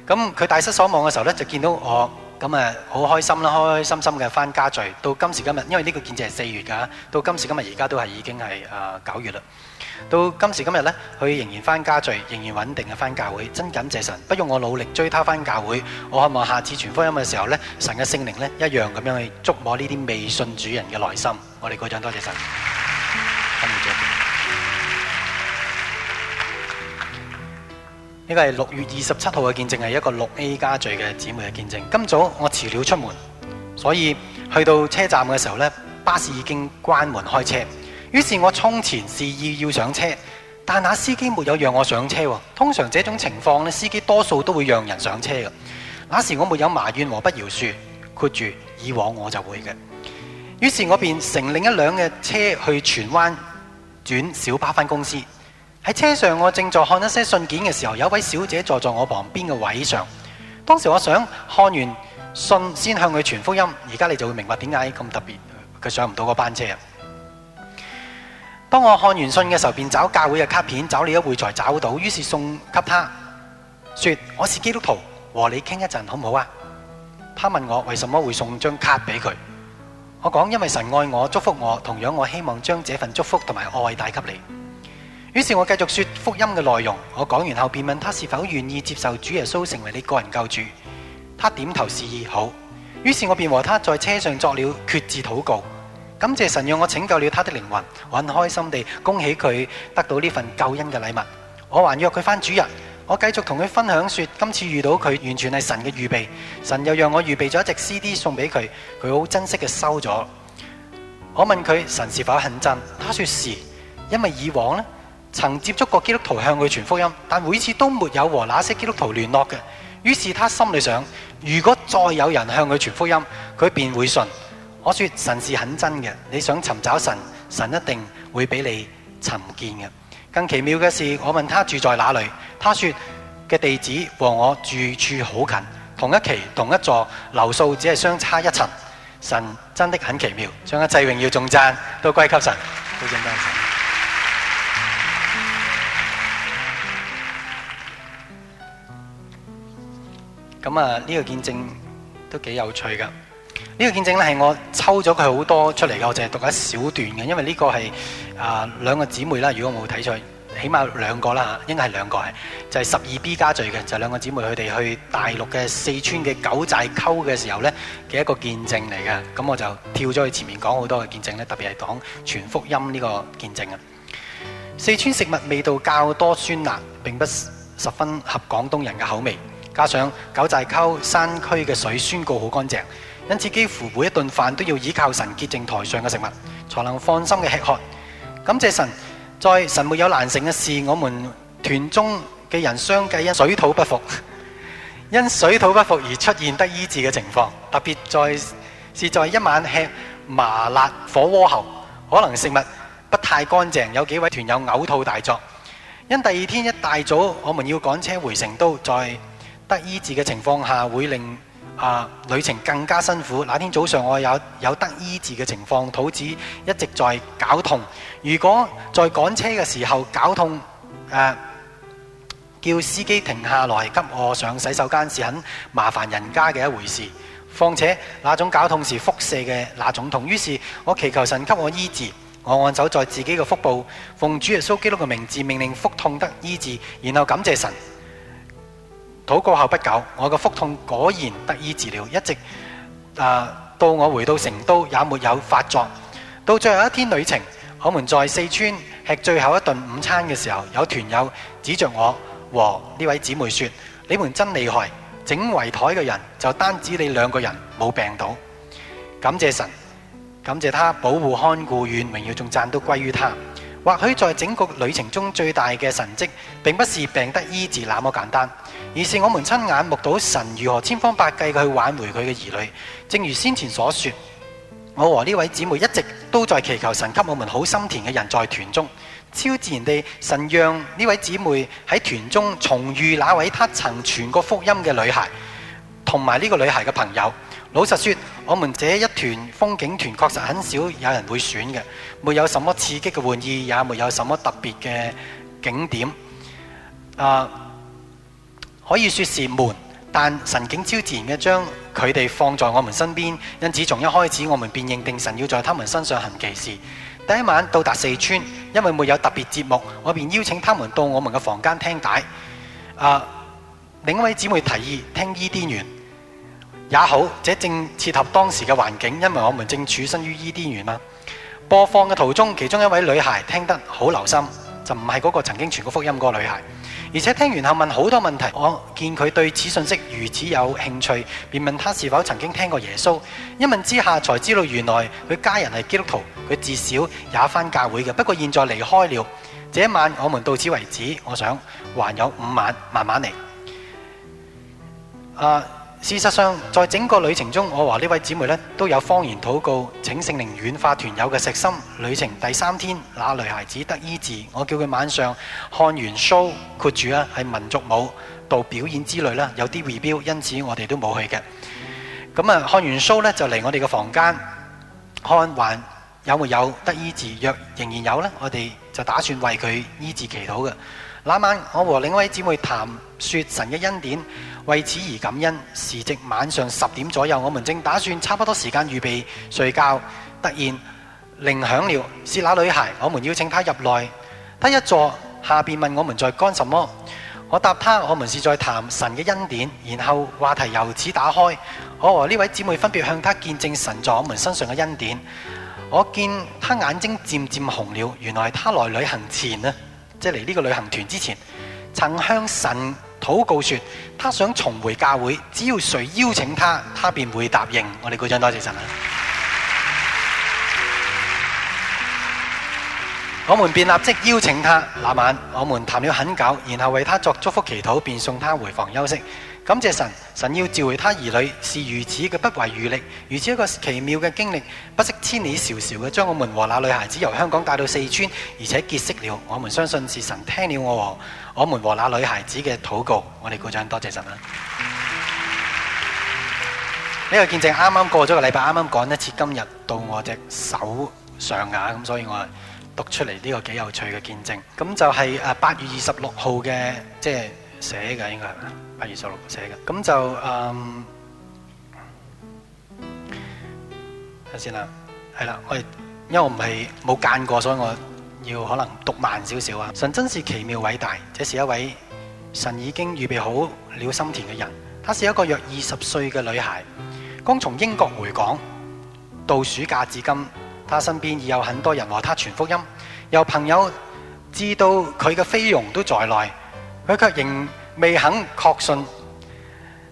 咁佢大失所望嘅時候咧，就見到我咁啊，好開心啦，開開心心嘅翻家聚。到今時今日，因為呢個見證係四月噶，到今時今日而家都係已經係啊九月啦。到今時今日咧，佢仍然翻家聚，仍然穩定嘅翻教會，真感謝神，不用我努力追他翻教會。我盼望下次傳福音嘅時候咧，神嘅聖靈咧一樣咁樣去觸摸呢啲未信主人嘅內心。我哋鼓掌，多謝神，跟住。呢個係六月二十七號嘅見證，係一個六 A 家聚嘅姊妹嘅見證。今早我遲了出門，所以去到車站嘅時候呢，巴士已經關門開車。於是我衝前示意要上車，但那司機沒有讓我上車。通常這種情況呢，司機多數都會讓人上車嘅。那時我沒有埋怨和不饒恕，括住以往我就會嘅。於是我便乘另一輛嘅車去荃灣轉小巴返公司。喺車上，我正在看一些信件嘅時候，有位小姐坐在我旁邊嘅位上。當時我想看完信先向佢傳福音，而家你就會明白點解咁特別佢上唔到個班車。當我看完信嘅時候，便找教會嘅卡片，找了一會才找到，於是送給他說：我是基督徒，和你傾一陣好唔好啊？他問我為什麼會送張卡俾佢，我講因為神愛我，祝福我，同樣我希望將這份祝福同埋愛帶給你。於是，我繼續說福音嘅內容。我講完後，便問他是否願意接受主耶穌成為你個人救主。他點頭示意好。於是，我便和他在車上作了決志禱告，感謝神讓我拯救了他的靈魂，我很開心地恭喜佢得到呢份救恩嘅禮物。我還約佢返主日。我繼續同佢分享說，說今次遇到佢完全係神嘅預備。神又讓我預備咗一隻 C.D. 送俾佢，佢好珍惜嘅收咗。我問佢神是否很真，他說是，因為以往呢曾接觸過基督徒向佢傳福音，但每次都沒有和那些基督徒聯絡嘅。於是他心裏想：如果再有人向佢傳福音，佢便會信。我說神是很真嘅，你想尋找神，神一定會俾你尋見嘅。更奇妙嘅是，我問他住在哪裏，他說嘅地址和我住處好近，同一期同一座樓數，樓只係相差一層。神真的很奇妙。將一切榮耀讚都歸給神。多謝咁啊，呢個見證都幾有趣噶。呢、這個見證咧係我抽咗佢好多出嚟嘅，我淨係讀了一小段嘅，因為呢個係啊兩個姊妹啦，如果我冇睇錯，起碼兩個啦嚇，應該係兩個係，就係十二 B 加罪嘅，就兩、是、個姊妹佢哋去大陸嘅四川嘅九寨溝嘅時候咧嘅一個見證嚟嘅。咁我就跳咗去前面講好多嘅見證咧，特別係講全福音呢個見證啊。四川食物味道較多酸辣，並不十分合廣東人嘅口味。加上九寨溝山區嘅水宣告好乾淨，因此幾乎每一頓飯都要依靠神潔淨台上嘅食物，才能放心嘅吃喝。感謝神，在神沒有難成嘅事，我們團中嘅人相繼因水土不服，因水土不服而出現得醫治嘅情況。特別在是在一晚吃麻辣火鍋後，可能食物不太乾淨，有幾位團友嘔吐大作。因第二天一大早，我們要趕車回成都，在得醫治嘅情況下，會令啊旅程更加辛苦。那天早上我有有得醫治嘅情況，肚子一直在絞痛。如果在趕車嘅時候絞痛，啊、叫司機停下來，給我上洗手間是很麻煩人家嘅一回事。況且那種絞痛是腹瀉嘅那種痛，於是，我祈求神給我醫治。我按手在自己嘅腹部，奉主耶穌基督嘅名字，命令腹痛得醫治，然後感謝神。禱過後不久，我個腹痛果然得醫治了，一直啊、呃、到我回到成都也沒有發作。到最後一天旅程，我們在四川吃最後一頓午餐嘅時候，有團友指着我和呢位姊妹說：你們真厲害，整圍台嘅人就單止你兩個人冇病到。感謝神，感謝他保護看顧遠，願榮耀仲讚都歸於他。或許在整個旅程中最大嘅神蹟，並不是病得醫治那麼簡單。而是我們親眼目睹神如何千方百計去挽回佢嘅兒女，正如先前所說，我和呢位姊妹一直都在祈求神給我們好心田嘅人在團中。超自然地，神讓呢位姊妹喺團中重遇那位他曾傳過福音嘅女孩，同埋呢個女孩嘅朋友。老實說，我們這一團風景團確實很少有人會選嘅，沒有什麼刺激嘅玩意，也沒有什麼特別嘅景點。啊！可以說是門，但神竟超自然嘅將佢哋放在我們身邊，因此從一開始我們便認定神要在他們身上行奇事。第一晚到達四川，因為沒有特別節目，我便邀請他們到我們嘅房間聽帶。啊，另一位姊妹提議聽伊甸園，也好，這正切合當時嘅環境，因為我們正處身於伊甸園嘛。播放嘅途中，其中一位女孩聽得好留心，就唔係嗰個曾經傳過福音嗰個女孩。而且聽完後問好多問題，我見佢對此信息如此有興趣，便問他是否曾經聽過耶穌。一問之下，才知道原來佢家人係基督徒，佢至少也返教會嘅。不過現在離開了。這一晚，我們到此為止。我想還有五晚，慢慢嚟。啊、uh。事實上，在整個旅程中，我和呢位姐妹咧都有方言禱告，請聖靈軟化團友嘅石心。旅程第三天，那女孩子得醫治，我叫佢晚上看完 show，括住啊，係民族舞蹈表演之類啦，有啲 re 表，因此我哋都冇去嘅。咁啊，看完 show 咧就嚟我哋嘅房間，看還有沒有，有得醫治，若仍然有呢，我哋就打算為佢醫治祈禱嘅。那晚我和另一位姐妹談說神嘅恩典，為此而感恩。時值晚上十點左右，我們正打算差不多時間預備睡覺，突然鈴響了，是那女孩，我們邀請她入內。她一坐下便問我們在幹什麼，我答她我們是在談神嘅恩典，然後話題由此打開。我和呢位姐妹分別向她見證神在我們身上嘅恩典。我見她眼睛漸漸紅了，原來她來旅行前啊。即嚟呢個旅行團之前，曾向神禱告說，他想重回教會，只要誰邀請他，他便會答應。我哋鼓掌，多謝神啊！ (noise) 我們便立即邀請他。那晚我們談了很久，然後為他作祝福祈禱，便送他回房休息。感謝神，神要召回他兒女是如此嘅不遺餘力，如此一個奇妙嘅經歷，不惜千里迢迢嘅將我們和那女孩子由香港帶到四川，而且結識了。我們相信是神聽了我和我們和那女孩子嘅禱告。我哋鼓掌，多謝神啦！呢 (music) 個見證啱啱過咗個禮拜，啱啱講一次今日到我隻手上啊！咁所以我讀出嚟呢個幾有趣嘅見證。咁就係八月二十六號嘅，即係寫嘅應該係二十六寫嘅，咁就嗯，睇先啦，係啦，我哋，因為我唔係冇間過，所以我要可能讀慢少少啊。神真是奇妙偉大，這是一位神已經預備好了心田嘅人。她是一個約二十歲嘅女孩，剛從英國回港，度暑假至今，她身邊已有很多人和她傳福音，由朋友至到佢嘅菲傭都在內，佢卻仍。未肯確信，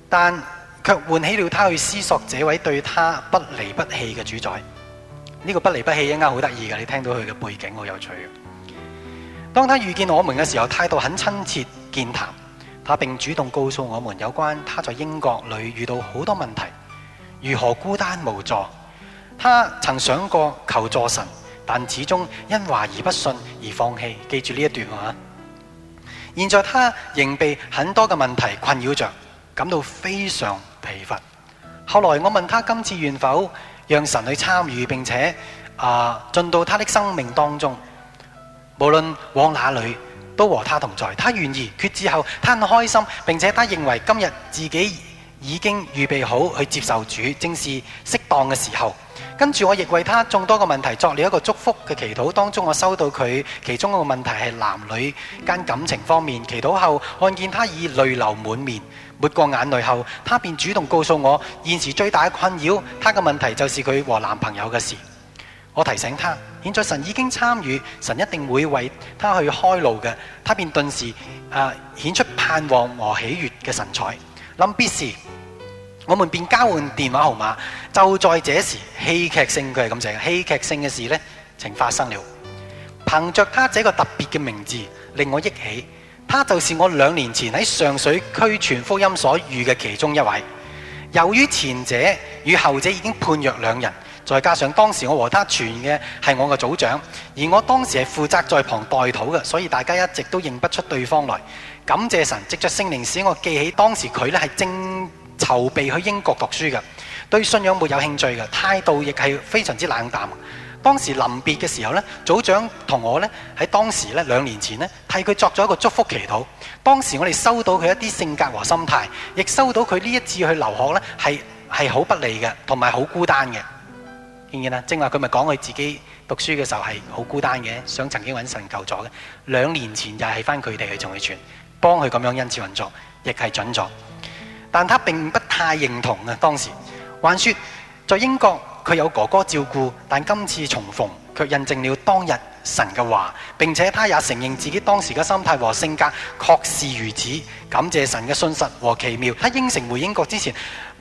但卻喚起了他去思索這位對他不離不棄嘅主宰。呢個不離不棄應該好得意嘅，你聽到佢嘅背景好有趣，當他遇見我們嘅時候，態度很親切健談，他並主動告訴我們有關他在英國裏遇到好多問題，如何孤單無助。他曾想過求助神，但始終因懷疑不信而放棄。記住呢一段話。現在他仍被很多嘅問題困擾着，感到非常疲乏。後來我問他今次願否讓神去參與，並且啊，進到他的生命當中，無論往哪裏都和他同在。他願意決志後，他很開心，並且他認為今日自己已經預備好去接受主，正是適當嘅時候。跟住我亦為他眾多個問題作了一個祝福嘅祈禱，當中我收到佢其中一個問題係男女間感情方面。祈禱後看見他已淚流滿面，抹過眼淚後，他便主動告訴我現時最大嘅困擾，他嘅問題就是佢和男朋友嘅事。我提醒他，現在神已經參與，神一定會為他去開路嘅。他便頓時啊顯、呃、出盼望和喜悅嘅神采。林必時。我們便交換電話號碼，就在這時，戲劇性佢係咁寫嘅，戲劇性嘅事咧，情發生了。憑着他這個特別嘅名字，令我憶起，他就是我兩年前喺上水區傳福音所遇嘅其中一位。由於前者與後者已經判若兩人，再加上當時我和他傳嘅係我嘅組長，而我當時係負責在旁代禱嘅，所以大家一直都認不出對方來。感謝神，藉着聖靈使我記起當時佢咧係正，籌備去英國讀書嘅，對信仰沒有興趣嘅，態度亦係非常之冷淡。當時臨別嘅時候咧，組長同我咧喺當時咧兩年前呢，替佢作咗一個祝福祈禱。當時我哋收到佢一啲性格和心態，亦收到佢呢一次去留學咧係係好不利嘅，同埋好孤單嘅。點解咧？正話佢咪講佢自己讀書嘅時候係好孤單嘅，想曾經揾神救助嘅。兩年前又係翻佢哋去仲去傳，幫佢咁樣恩賜運作，亦係準咗。但他並不太認同啊！當時，還說在英國佢有哥哥照顧，但今次重逢卻印證了當日神嘅話，並且他也承認自己當時嘅心態和性格確是如此，感謝神嘅信實和奇妙。佢應承回英國之前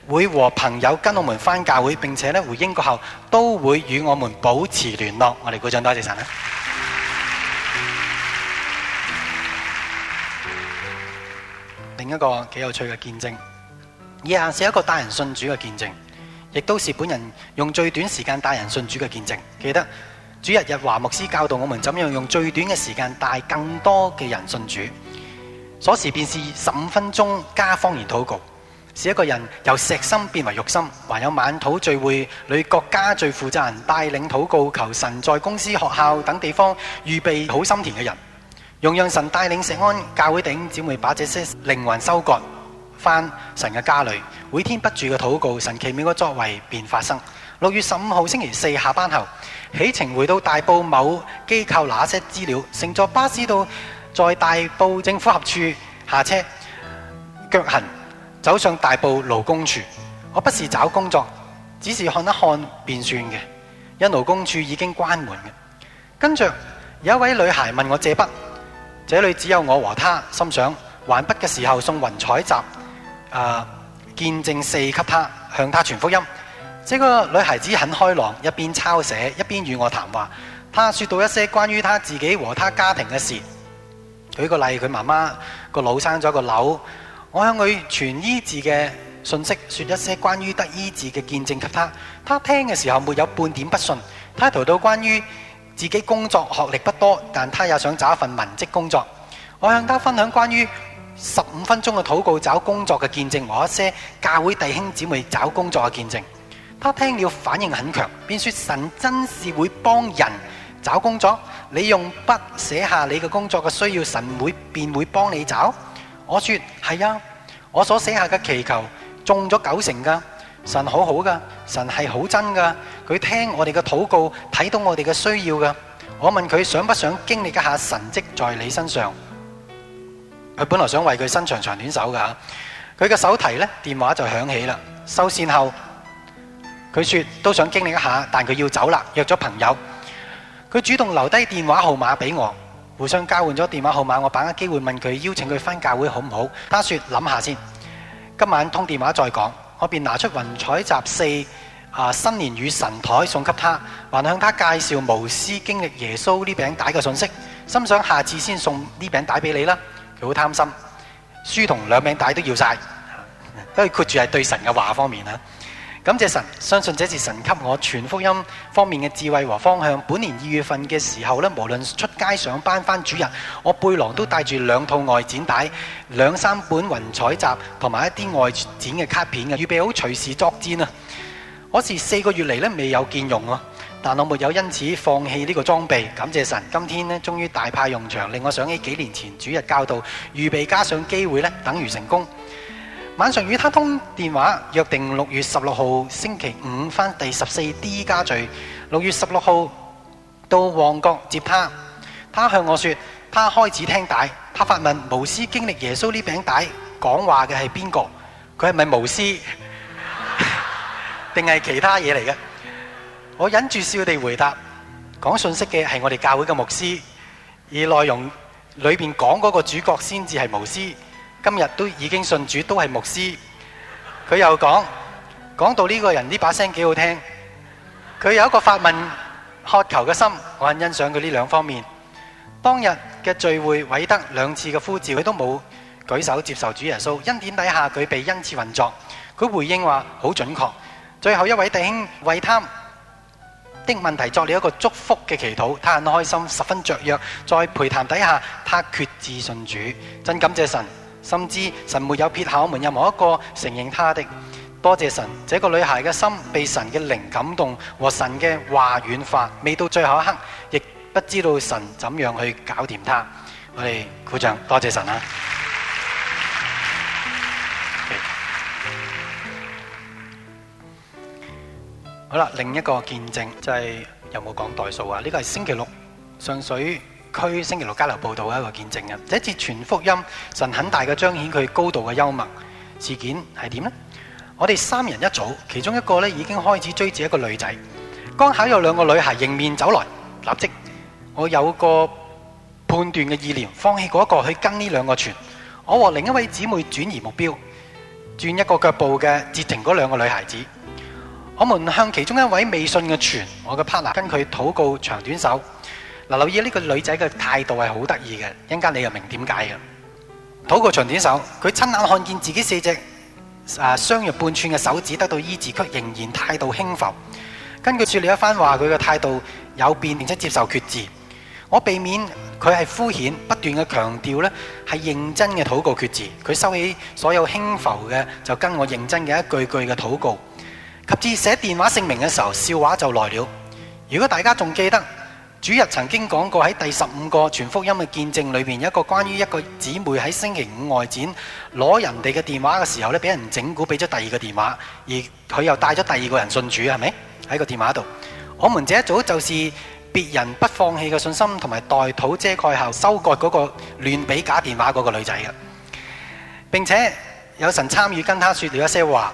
會和朋友跟我們返教會，並且呢，回英國後都會與我們保持聯絡。我哋鼓掌多謝神啊！另一個幾有趣嘅見證。以下、yeah, 是一個帶人信主嘅見證，亦都是本人用最短時間帶人信主嘅見證。記得主日日華牧師教導我們怎樣用最短嘅時間帶更多嘅人信主。鎖匙便是十五分鐘加方言禱告，是一個人由石心變為肉心，還有晚土聚會女國家最負責人帶領禱告，求神在公司、學校等地方預備好心田嘅人，用讓神帶領石安教會頂，只會把這些靈魂收割。翻神嘅家裏，每天不住嘅禱告，神奇妙嘅作為便發生。六月十五號星期四下班後，起程回到大埔某機構拿些資料，乘坐巴士到在大埔政府合處下車，腳痕走上大埔勞工處。我不是找工作，只是看一看便算嘅。因勞工處已經關門嘅，跟着有一位女孩問我借筆，這裏只有我和她，心想還筆嘅時候送雲彩集。啊！見證四級他，向他傳福音。這個女孩子很開朗，一邊抄寫，一邊與我談話。她說到一些關於她自己和她家庭嘅事。舉個例，佢媽媽個腦生咗個瘤，我向佢傳醫治嘅信息，說一些關於得醫治嘅見證給她。她聽嘅時候沒有半點不信。她提到關於自己工作學歷不多，但她也想找一份文職工作。我向她分享關於。十五分鐘嘅禱告，找工作嘅見證和一些教會弟兄姊妹找工作嘅見證，他聽了反應很強，便說神真是會幫人找工作。你用筆寫下你嘅工作嘅需要，神會便會幫你找。我說係啊，我所寫下嘅祈求中咗九成㗎，神好好㗎，神係好真㗎，佢聽我哋嘅禱告，睇到我哋嘅需要㗎。我問佢想不想經歷一下神蹟在你身上？佢本來想為佢伸長長短手㗎，佢個手提咧電話就響起啦。收線後，佢說都想經歷一下，但佢要走啦，約咗朋友。佢主動留低電話號碼俾我，互相交換咗電話號碼。我把握機會問佢邀請佢返教會好唔好？他說諗下先，今晚通電話再講。我便拿出《雲彩集四》啊，新年與神台送給他，還向他介紹無私經歷耶穌呢餅帶嘅信息。心想下次先送呢餅帶俾你啦。好貪心，書同兩餅帶都要曬，都係括住係對神嘅話方面啦。感謝神，相信這是神給我全福音方面嘅智慧和方向。本年二月份嘅時候咧，無論出街上班返主日，我背囊都帶住兩套外展帶、兩三本雲彩集同埋一啲外展嘅卡片嘅，預備好隨時作戰啊！我自四個月嚟咧，未有見用。但我沒有因此放棄呢個裝備，感謝神，今天咧終於大派用場，令我想起幾年前主日教導預備加上機會呢，等於成功。晚上與他通電話，約定六月十六號星期五翻第十四 D 家聚。六月十六號到旺角接他。他向我說，他開始聽帶，他發問：無私經歷耶穌呢餅帶講話嘅係邊個？佢係咪無私？定係其他嘢嚟嘅？我忍住笑地回答：講信息嘅係我哋教會嘅牧師，而內容裏邊講嗰個主角先至係巫師。今日都已經信主，都係牧師。佢又講，講到呢個人呢把聲幾好聽。佢有一個發問渴求嘅心，我很欣賞佢呢兩方面。當日嘅聚會，韋德兩次嘅呼召佢都冇舉手接受主耶穌。恩典底下佢被恩賜運作，佢回應話好準確。最後一位弟兄韋貪。的問題作了一個祝福嘅祈禱，他很開心，十分雀躍，在陪談底下，他決志信主，真感謝神，甚至神沒有撇下我們，任何一個承認他的。多謝神，這個女孩嘅心被神嘅靈感動和神嘅話軟化，未到最後一刻，亦不知道神怎樣去搞掂他，我哋鼓掌，多謝神啊！好啦，另一個見證就係、是、有冇講代數啊？呢、這個係星期六上水區星期六交流報道嘅一個見證啊。這次全福音神很大嘅彰顯佢高度嘅幽默事件係點呢？我哋三人一組，其中一個咧已經開始追住一個女仔，剛巧有兩個女孩迎面走來，立即我有個判斷嘅意念，放棄嗰一個去跟呢兩個船，我和另一位姊妹轉移目標，轉一個腳步嘅截停嗰兩個女孩子。我們向其中一位未信嘅傳，我嘅 partner 跟佢禱告長短手。嗱，留意呢個女仔嘅態度係好得意嘅，一陣間你又明點解啊？禱告長短手，佢親眼看見自己四隻啊相約半寸嘅手指得到醫治，卻仍然態度輕浮。根據說理一番話，佢嘅態度有變，並且接受決志。我避免佢係敷衍，不斷嘅強調呢係認真嘅禱告決志。佢收起所有輕浮嘅，就跟我認真嘅一句句嘅禱告。及至寫電話姓名嘅時候，笑話就來了。如果大家仲記得，主日曾經講過喺第十五個全福音嘅見證裏面，有一個關於一個姊妹喺星期五外展攞人哋嘅電話嘅時候咧，俾人整蠱，俾咗第二個電話，而佢又帶咗第二個人信主，係咪？喺個電話度，我們這一組就是別人不放棄嘅信心，同埋代禱遮蓋後收割嗰個亂俾假電話嗰個女仔嘅。並且有神參與，跟她說了一些話。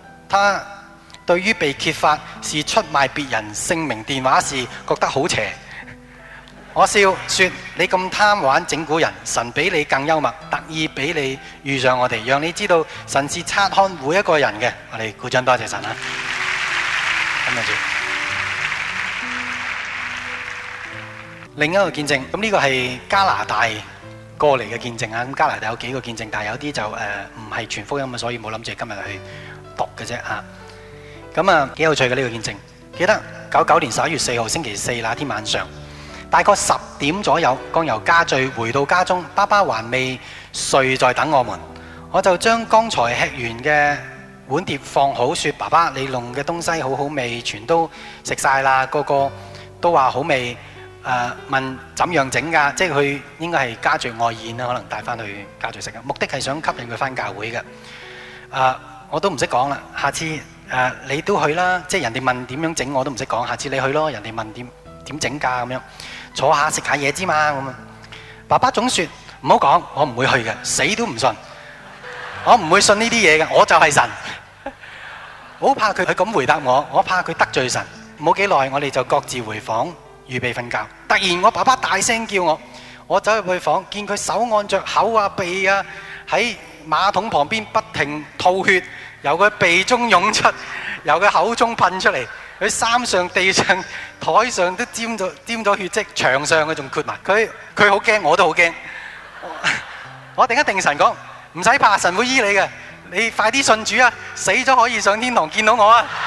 他對於被揭發是出賣別人姓名電話，是覺得好邪。 (laughs) 我笑說：你咁貪玩整蠱人，神比你更幽默，特意俾你遇上我哋，讓你知道神是察看每一個人嘅。我哋鼓掌，多謝神啊！住。 (laughs) 另一個見證，咁、這、呢個係加拿大過嚟嘅見證啊。咁加拿大有幾個見證，但係有啲就誒唔係全福音，所以冇諗住今日去。嘅啫吓，咁啊幾有趣嘅呢個見證。記得九九年十一月四號星期四那天晚上，大概十點左右，剛由家聚回到家中，爸爸還未睡，在等我們。我就將剛才吃完嘅碗碟放好，說：爸爸，你弄嘅東西好好味，全都食晒啦，個個都話好味。誒、呃，問怎樣整㗎？即係佢應該係家聚外宴啦，可能帶翻去家聚食嘅目的係想吸引佢翻教會嘅。呃我都唔識講啦，下次誒你都去啦，即係人哋問點樣整我都唔識講，下次你去咯，人哋問點點整㗎咁樣，坐下食下嘢之嘛咁啊！爸爸總説唔好講，我唔會去嘅，死都唔信，我唔會信呢啲嘢嘅，我就係神，好怕佢，佢咁回答我，我怕佢得罪神。冇幾耐，我哋就各自回房預備瞓覺。突然，我爸爸大聲叫我，我走入去房，見佢手按著口啊、鼻啊，喺馬桶旁邊不停吐血。由佢鼻中湧出，由佢口中噴出嚟，佢衫上、地上、台上都沾咗沾咗血跡，牆上佢仲闌埋，佢佢好驚，我都好驚。我定一定神講：唔使怕，神會醫你嘅，你快啲信主啊！死咗可以上天堂見到我啊！ (laughs)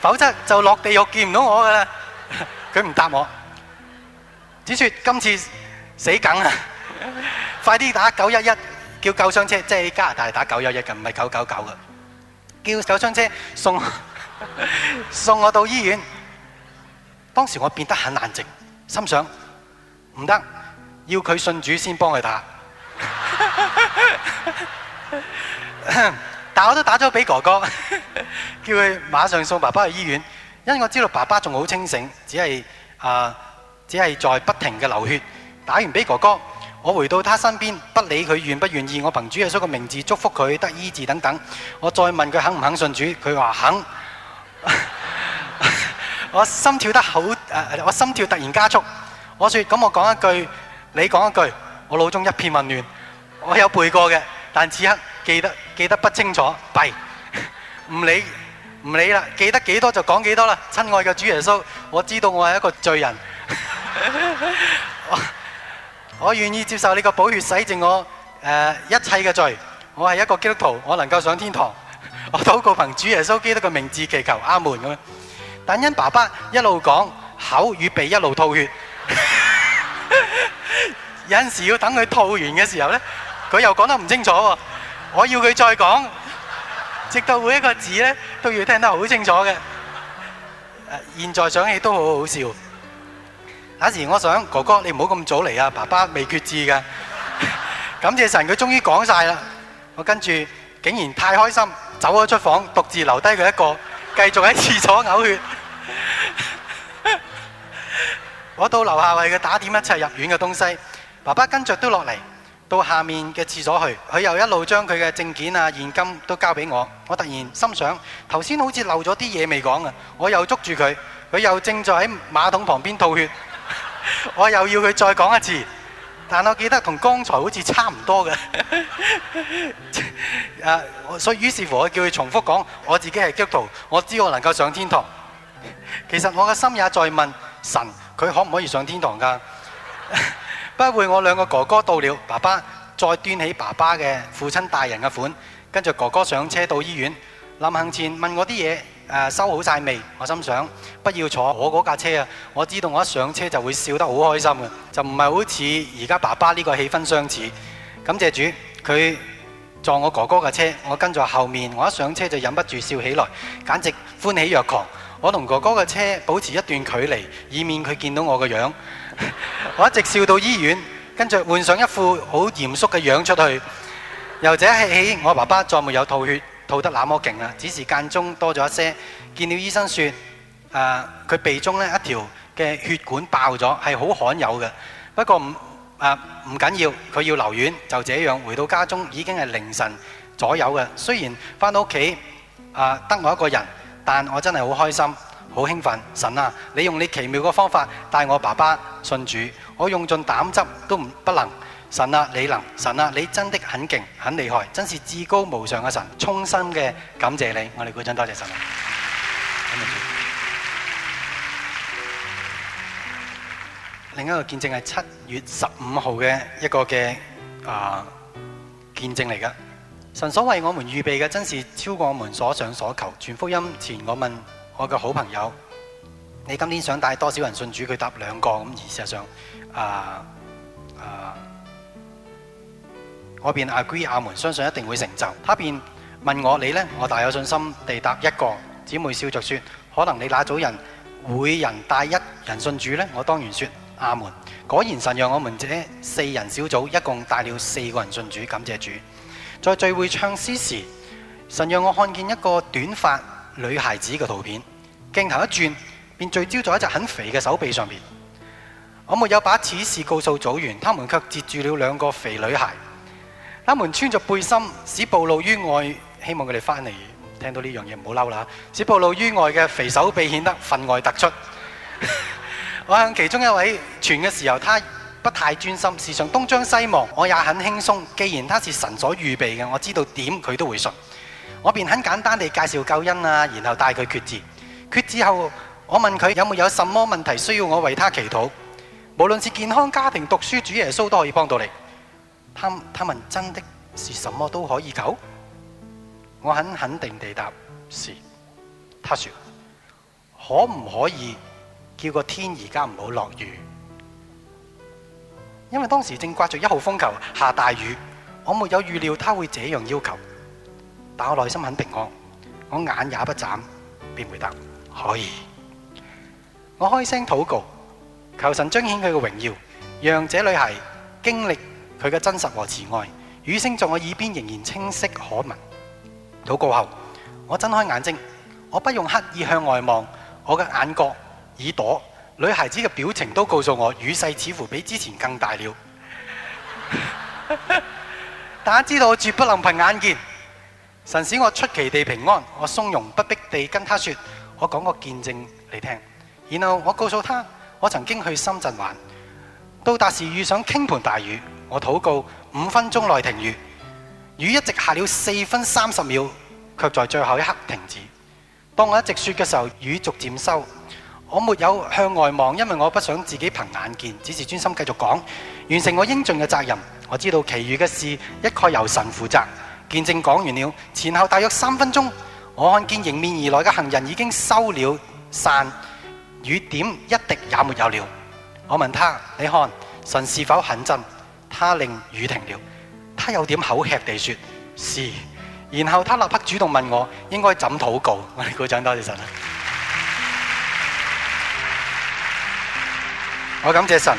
否則就落地獄見唔到我噶啦。佢唔答我，只説今次死梗啊！快啲打九一一，叫救傷車，即係喺加拿大打九一一嘅，唔係九九九嘅，叫救傷車送送我到醫院。當時我變得很冷靜，心想唔得，要佢信主先幫佢打。 (laughs) 但我都打咗俾哥哥，叫佢馬上送爸爸去醫院，因為我知道爸爸仲好清醒，只係啊、呃、只係在不停嘅流血。打完俾哥哥。我回到他身邊，不理佢願不願意，我憑主耶穌的名字祝福佢得醫治等等。我再問佢肯唔肯信主，佢話肯。 (laughs) 我心跳得好，誒，我心跳突然加速。我說：咁我講一句，你講一句，我腦中一片混亂。我有背過嘅，但此刻記得記得不清楚，弊。唔 (laughs) 理唔理啦，記得幾多就講幾多啦。親愛嘅主耶穌，我知道我係一個罪人。 (laughs) 我願意接受你個寶血洗淨我、呃、一切嘅罪。我係一個基督徒，我能夠上天堂。我禱告憑主耶穌基督嘅名字祈求，阿門咁樣。但因爸爸一路講，口與鼻一路吐血， (laughs) 有陣時要等佢吐完嘅時候呢，佢又講得唔清楚喎。我要佢再講，直到每一個字呢，都要聽得好清楚嘅。呃，現在想起都好好笑。嗰時我想哥哥你唔好咁早嚟啊！爸爸未決志㗎，感謝神，佢終於講晒啦。我跟住竟然太開心，走咗出房，獨自留低佢一個，繼續喺廁所嘔血。我到樓下為佢打點一切入院嘅東西，爸爸跟著都落嚟，到下面嘅廁所去。佢又一路將佢嘅證件啊、現金都交俾我。我突然心想，頭先好似漏咗啲嘢未講啊！我又捉住佢，佢又正在喺馬桶旁邊吐血。我又要佢再講一次，但我記得同剛才好似差唔多嘅，所以於是乎我叫佢重複講，我自己係基督徒，我知道我能夠上天堂。其實我嘅心也在問神，佢可唔可以上天堂噶？不會，我兩個哥哥到了，爸爸再端起爸爸嘅父親大人嘅款，跟住哥哥上車到醫院，臨行前問我啲嘢。誒收好晒未？我心想不要坐我架車啊！我知道我一上車就會笑得好開心嘅，就唔係好似而家爸爸呢個氣氛相似。感謝主，佢撞我哥哥嘅車，我跟住喺後面，我一上車就忍不住笑起來，簡直歡喜若狂。我同哥哥嘅車保持一段距離，以免佢見到我個樣。我一直笑到醫院，跟住換上一副好嚴肅嘅樣出去。由這起我爸爸再沒有吐血。吐得那麼勁啊，只是間中多咗一些。見了醫生說誒，佢、呃、鼻中咧一條嘅血管爆咗，係好罕有嘅。不過唔誒唔緊要，佢要留院，就這樣回到家中，已經係凌晨左右嘅。雖然翻到屋企誒得我一個人，但我真係好開心，好興奮。神啊，你用你奇妙嘅方法帶我爸爸信主，我用盡膽汁都唔不能。神啊，你能！神啊，你真的很勁，很厲害，真是至高無上嘅神，衷心嘅感謝你！我哋鼓掌，多謝神啊！ (music) 另一個見證係七月十五號嘅一個嘅啊見證嚟㗎，神所為我們預備嘅，真是超過我們所想所求。全福音前，我問我嘅好朋友：你今年想帶多少人信主？佢答兩個咁，而事實上啊啊！啊我便 agree 阿門，相信一定會成就。他便問我：你呢？我大有信心地答一個。姊妹笑着說：可能你那組人每人帶一人信主呢？我當然說：阿門。果然神讓我們這四人小組一共帶了四個人信主，感謝主。在聚會唱詩時，神讓我看見一個短髮女孩子嘅圖片，鏡頭一轉，便聚焦在一隻很肥嘅手臂上面。我沒有把此事告訴組員，他們卻截住了兩個肥女孩。他們穿着背心，使暴露於外，希望佢哋回嚟聽到呢樣嘢唔好嬲啦。使暴露於外嘅肥手臂顯得分外突出。 (laughs) 我向其中一位傳嘅時候，他不太專心，時常東張西望。我也很輕鬆，既然他是神所預備嘅，我知道點佢都會信。我便很簡單地介紹救恩，然後帶佢決志。決志後，我問佢有沒有，有什麼問題需要我為他祈禱，無論是健康、家庭、讀書、主耶穌都可以幫到你。他，他問真的是什麼都可以求？我很肯定地答：是。他說：可唔可以叫個天而家唔好落雨？因為當時正掛着一號風球，下大雨。我沒有預料他會這樣要求，但我內心很平安，我眼也不眨，便回答：可以。我開聲禱告，求神彰顯佢嘅榮耀，讓這女孩經歷。佢嘅真實和慈愛，雨聲在我耳邊仍然清晰可聞。禱告後，我睜開眼睛，我不用刻意向外望，我嘅眼角、耳朵、女孩子嘅表情都告訴我，雨勢似乎比之前更大了。大 (laughs) 家知道我絕不能憑眼見，神使我出奇地平安。我從容不迫地跟佢說，我講個見證你聽。然後我告訴他，我曾經去深圳玩，到達時遇上傾盆大雨。我禱告五分鐘內停雨，雨一直下了四分三十秒，卻在最後一刻停止。當我一直説嘅時候，雨逐漸收。我沒有向外望，因為我不想自己憑眼見，只是專心繼續講，完成我應盡嘅責任。我知道其餘嘅事一概由神負責。見證講完了，前後大約三分鐘，我看見迎面而來嘅行人已經收了傘，雨點一滴也沒有了。我問他：「你看神是否很真？」他令雨停了，他有點口吃地說：是。然後他立刻主動問我應該怎禱告。我哋鼓掌多謝神啊！ (noise) 我感謝神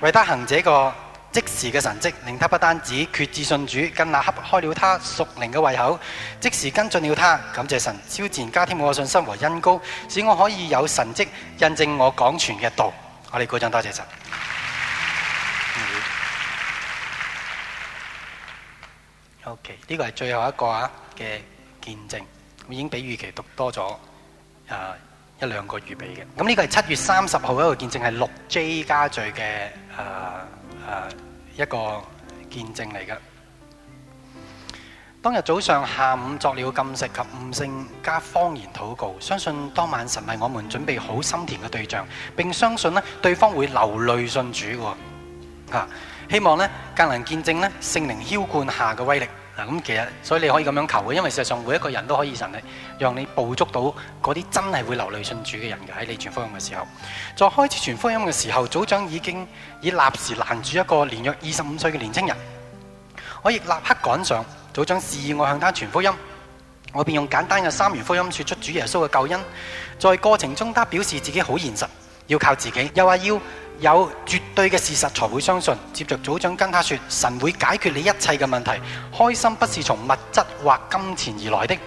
為他行這個即時嘅神蹟，令他不單止決志信主，更立刻開了他屬靈嘅胃口，即時跟進了他。感謝神超自然加添我嘅信心和恩膏，使我可以有神蹟印證我講傳嘅道。我哋鼓掌多謝神。OK，呢個係最後一個啊嘅見證，咁已經比預期讀多咗啊一兩個預備嘅。咁呢個係七月三十號一個見證，係六 J 家聚嘅啊啊一個見證嚟㗎。當日早上下午作了禁食及悟性加方言禱告，相信當晚神為我們準備好心田嘅對象，並相信咧對方會流淚信主嘅喎。啊、希望咧，更能見證咧聖靈澆灌下嘅威力。咁、啊、其實，所以你可以咁樣求嘅，因為事實上每一個人都可以神力，讓你捕捉到嗰啲真係會流淚信主嘅人嘅，喺你傳福音嘅時候。在開始傳福音嘅時候，組長已經已立時攔住一個年約二十五歲嘅年青人。我亦立刻趕上，組長示意我向他傳福音，我便用簡單嘅三元福音說出主耶穌嘅救恩。在過程中，他表示自己好現實，要靠自己，又話要。有絕對嘅事實才會相信。接着，組長跟他說：神會解決你一切嘅問題。開心不是從物質或金錢而來的。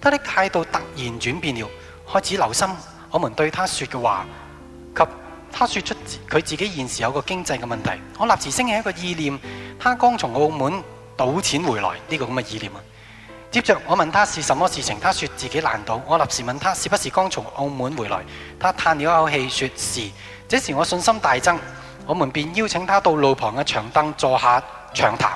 他的態度突然轉變了，開始留心我們對他說嘅話及他說出佢自己現時有個經濟嘅問題。我立時升起一個意念：他剛從澳門賭錢回來呢個咁嘅意念啊！接着我問他是什麼事情，他說自己難賭。我立時問他是不是剛從澳門回來，他嘆了一口氣，說是。這時我信心大增，我們便邀請他到路旁嘅長凳坐下長談。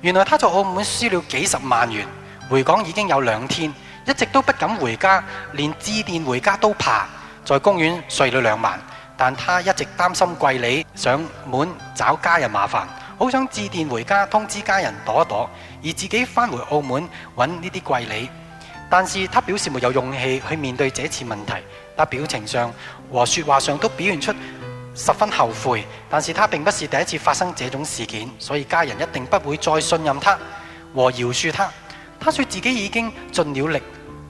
原來他在澳門輸了幾十萬元，回港已經有兩天，一直都不敢回家，連致電回家都怕，在公園睡了兩晚。但他一直擔心貴利上門找家人麻煩，好想致電回家通知家人躲一躲，而自己返回，回澳門揾呢啲貴利。但是他表示沒有勇氣去面對這次問題。他表情上但和説話上都表現出十分後悔，但是他並不是第一次發生這種事件，所以家人一定不會再信任他和饒恕他。他説自己已經盡了力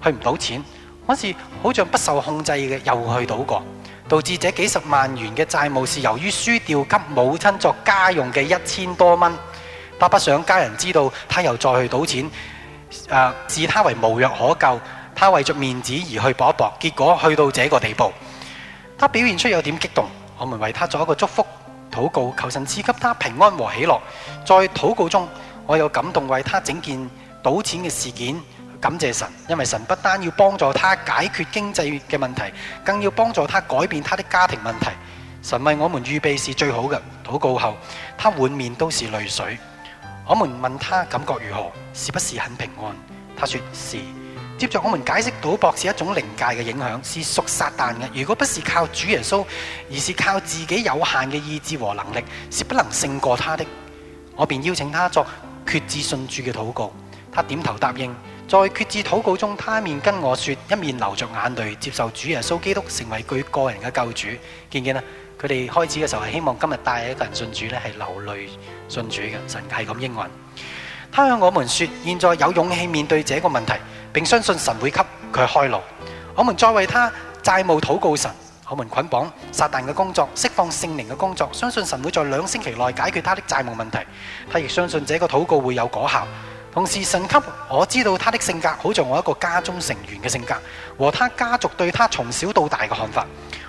去唔賭錢，可是好像不受控制嘅又去賭過，導致這幾十萬元嘅債務是由於輸掉給母親作家用嘅一千多蚊。他不想家人知道他又再去賭錢，誒，視他為無藥可救。他為着面子而去搏一搏，結果去到這個地步，他表現出有點激動。我們為他作一個祝福、禱告，求神賜給他平安和喜樂。在禱告中，我有感動為他整件賭錢嘅事件感謝神，因為神不單要幫助他解決經濟嘅問題，更要幫助他改變他的家庭問題。神為我們預備是最好嘅。禱告後，他滿面都是淚水。我們問他感覺如何，是不是很平安？他說是。接着，我們解釋賭博是一種靈界嘅影響，是屬撒旦嘅。如果不是靠主耶穌，而是靠自己有限嘅意志和能力，是不能勝過他的。我便邀請他作決志信主嘅禱告，他點頭答應。在決志禱告中，他一面跟我說，一面流着眼淚接受主耶穌基督成為佢個人嘅救主。見唔見啊？佢哋開始嘅時候係希望今日帶一個人信主咧，係流淚信主嘅。神係咁應允。他向我們說：現在有勇氣面對這個問題，並相信神會給佢開路。我們再為他債務禱告神，我們捆綁撒旦嘅工作，釋放聖靈嘅工作，相信神會在兩星期內解決他的債務問題。他亦相信這個禱告會有果效。同時，神給我知道他的性格，好像我一個家中成員嘅性格，和他家族對他從小到大嘅看法。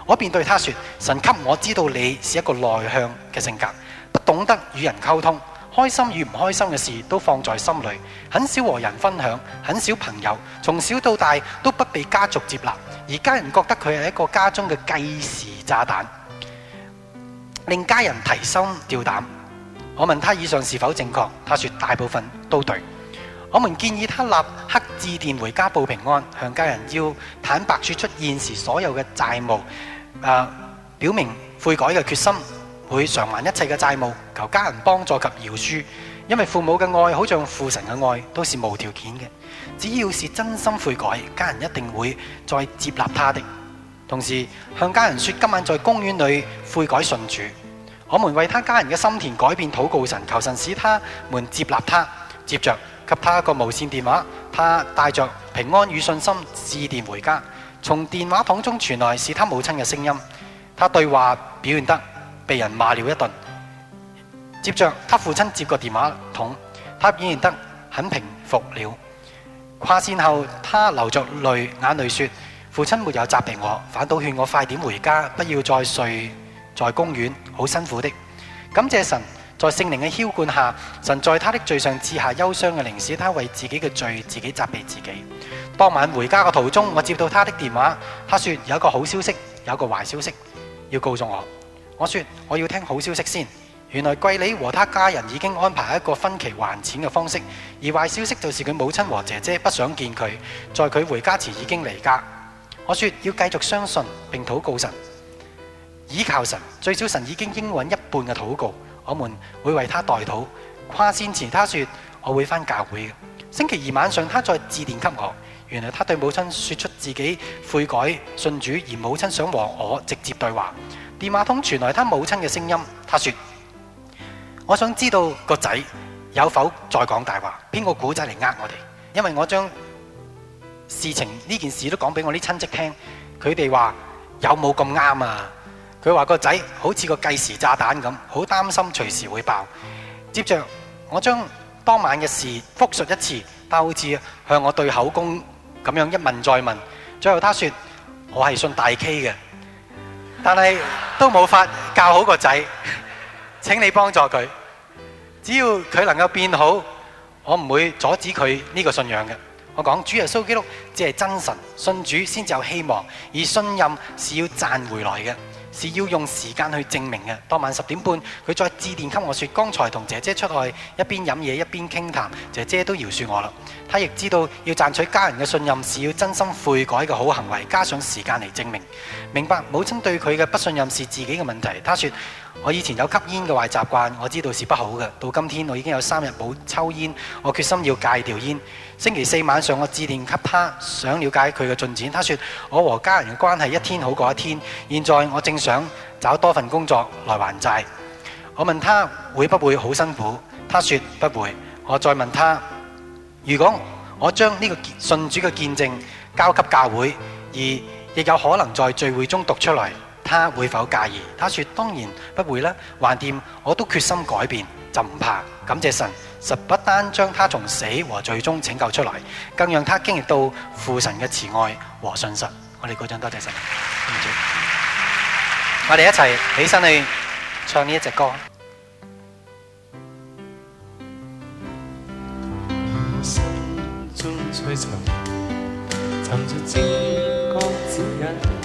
我便對他說：神給我知道你是一個內向嘅性格，不懂得與人溝通。開心與唔開心嘅事都放在心裏，很少和人分享，很少朋友。從小到大都不被家族接納，而家人覺得佢係一個家中嘅計時炸彈，令家人提心吊膽。我問他以上是否正確，他說大部分都對。我們建議他立刻致電回家報平安，向家人要坦白說出現時所有嘅債務，呃，表明悔改嘅決心。會償還一切嘅債務，求家人幫助及饒恕，因為父母嘅愛好像父神嘅愛，都是無條件嘅。只要是真心悔改，家人一定會再接納他的。同時向家人說今晚在公園裏悔改順主。我們為他家人嘅心田改變禱告神，求神使他們接納他。接着給他一個無線電話，他帶着平安與信心致電回家。從電話筒中傳來是他母親嘅聲音，他對話表現得。被人罵了一頓，接着他父親接個電話筒，他表現得很平復了。掛線後，他流着淚眼淚，說：父親沒有責備我，反倒勸我快點回家，不要再睡在公園，好辛苦的。感謝神，在聖靈嘅澆灌下，神在他的罪上刺下憂傷嘅靈，使他為自己嘅罪自己責備自己。當晚回家嘅途中，我接到他的電話，他說有一個好消息，有一個壞消息要告訴我。我說我要聽好消息先。原來桂里和他家人已經安排一個分期還錢嘅方式。而壞消息就是佢母親和姐姐不想見佢，在佢回家前已經離家。我說要繼續相信並禱告神，倚靠神。最少神已經應允一半嘅禱告。我們會為他代禱。跨線前，他說我會返教會嘅。星期二晚上他再致電給我。原來他對母親說出自己悔改信主，而母親想和我直接對話。電話筒傳來他母親的聲音，他說：我想知道個仔有否再講大話，編個故仔嚟呃我哋。因為我將事情這件事都講給我的親戚聽，佢哋話有冇咁啱啊？佢話個仔好似個計時炸彈咁，好擔心隨時會爆。接着我將當晚的事復述一次，但好似向我對口供咁樣一問再問。最後他說：我係信大 K 嘅。但係都冇法教好個仔，請你幫助佢。只要佢能夠變好，我唔會阻止佢呢個信仰嘅。我講主耶穌基督只係真神，信主先至有希望，而信任是要賺回來嘅。是要用時間去證明嘅。當晚十點半，佢再致電給我說，說剛才同姐姐出去一邊飲嘢一邊傾談，姐姐都饒恕我啦。他亦知道要賺取家人嘅信任，是要真心悔改嘅好行為，加上時間嚟證明。明白母親對佢嘅不信任是自己嘅問題。他說。我以前有吸煙嘅壞習慣，我知道是不好嘅。到今天我已經有三日冇抽煙，我決心要戒掉煙。星期四晚上我致電給他，想了解佢嘅進展。他說我和家人嘅關係一天好過一天。現在我正想找多份工作來還債。我問他會不會好辛苦，他說不會。我再問他，如果我將呢個信主嘅見證交給教會，而亦有可能在聚會中讀出來。他會否介意？他說：當然不會啦。橫掂我都決心改變，就唔怕。感謝神，實不單將他從死和罪中拯救出來，更讓他經歷到父神嘅慈愛和信實。我哋鼓掌，多謝神， (laughs) 我哋一齊起，起身去唱呢一隻歌。 (music)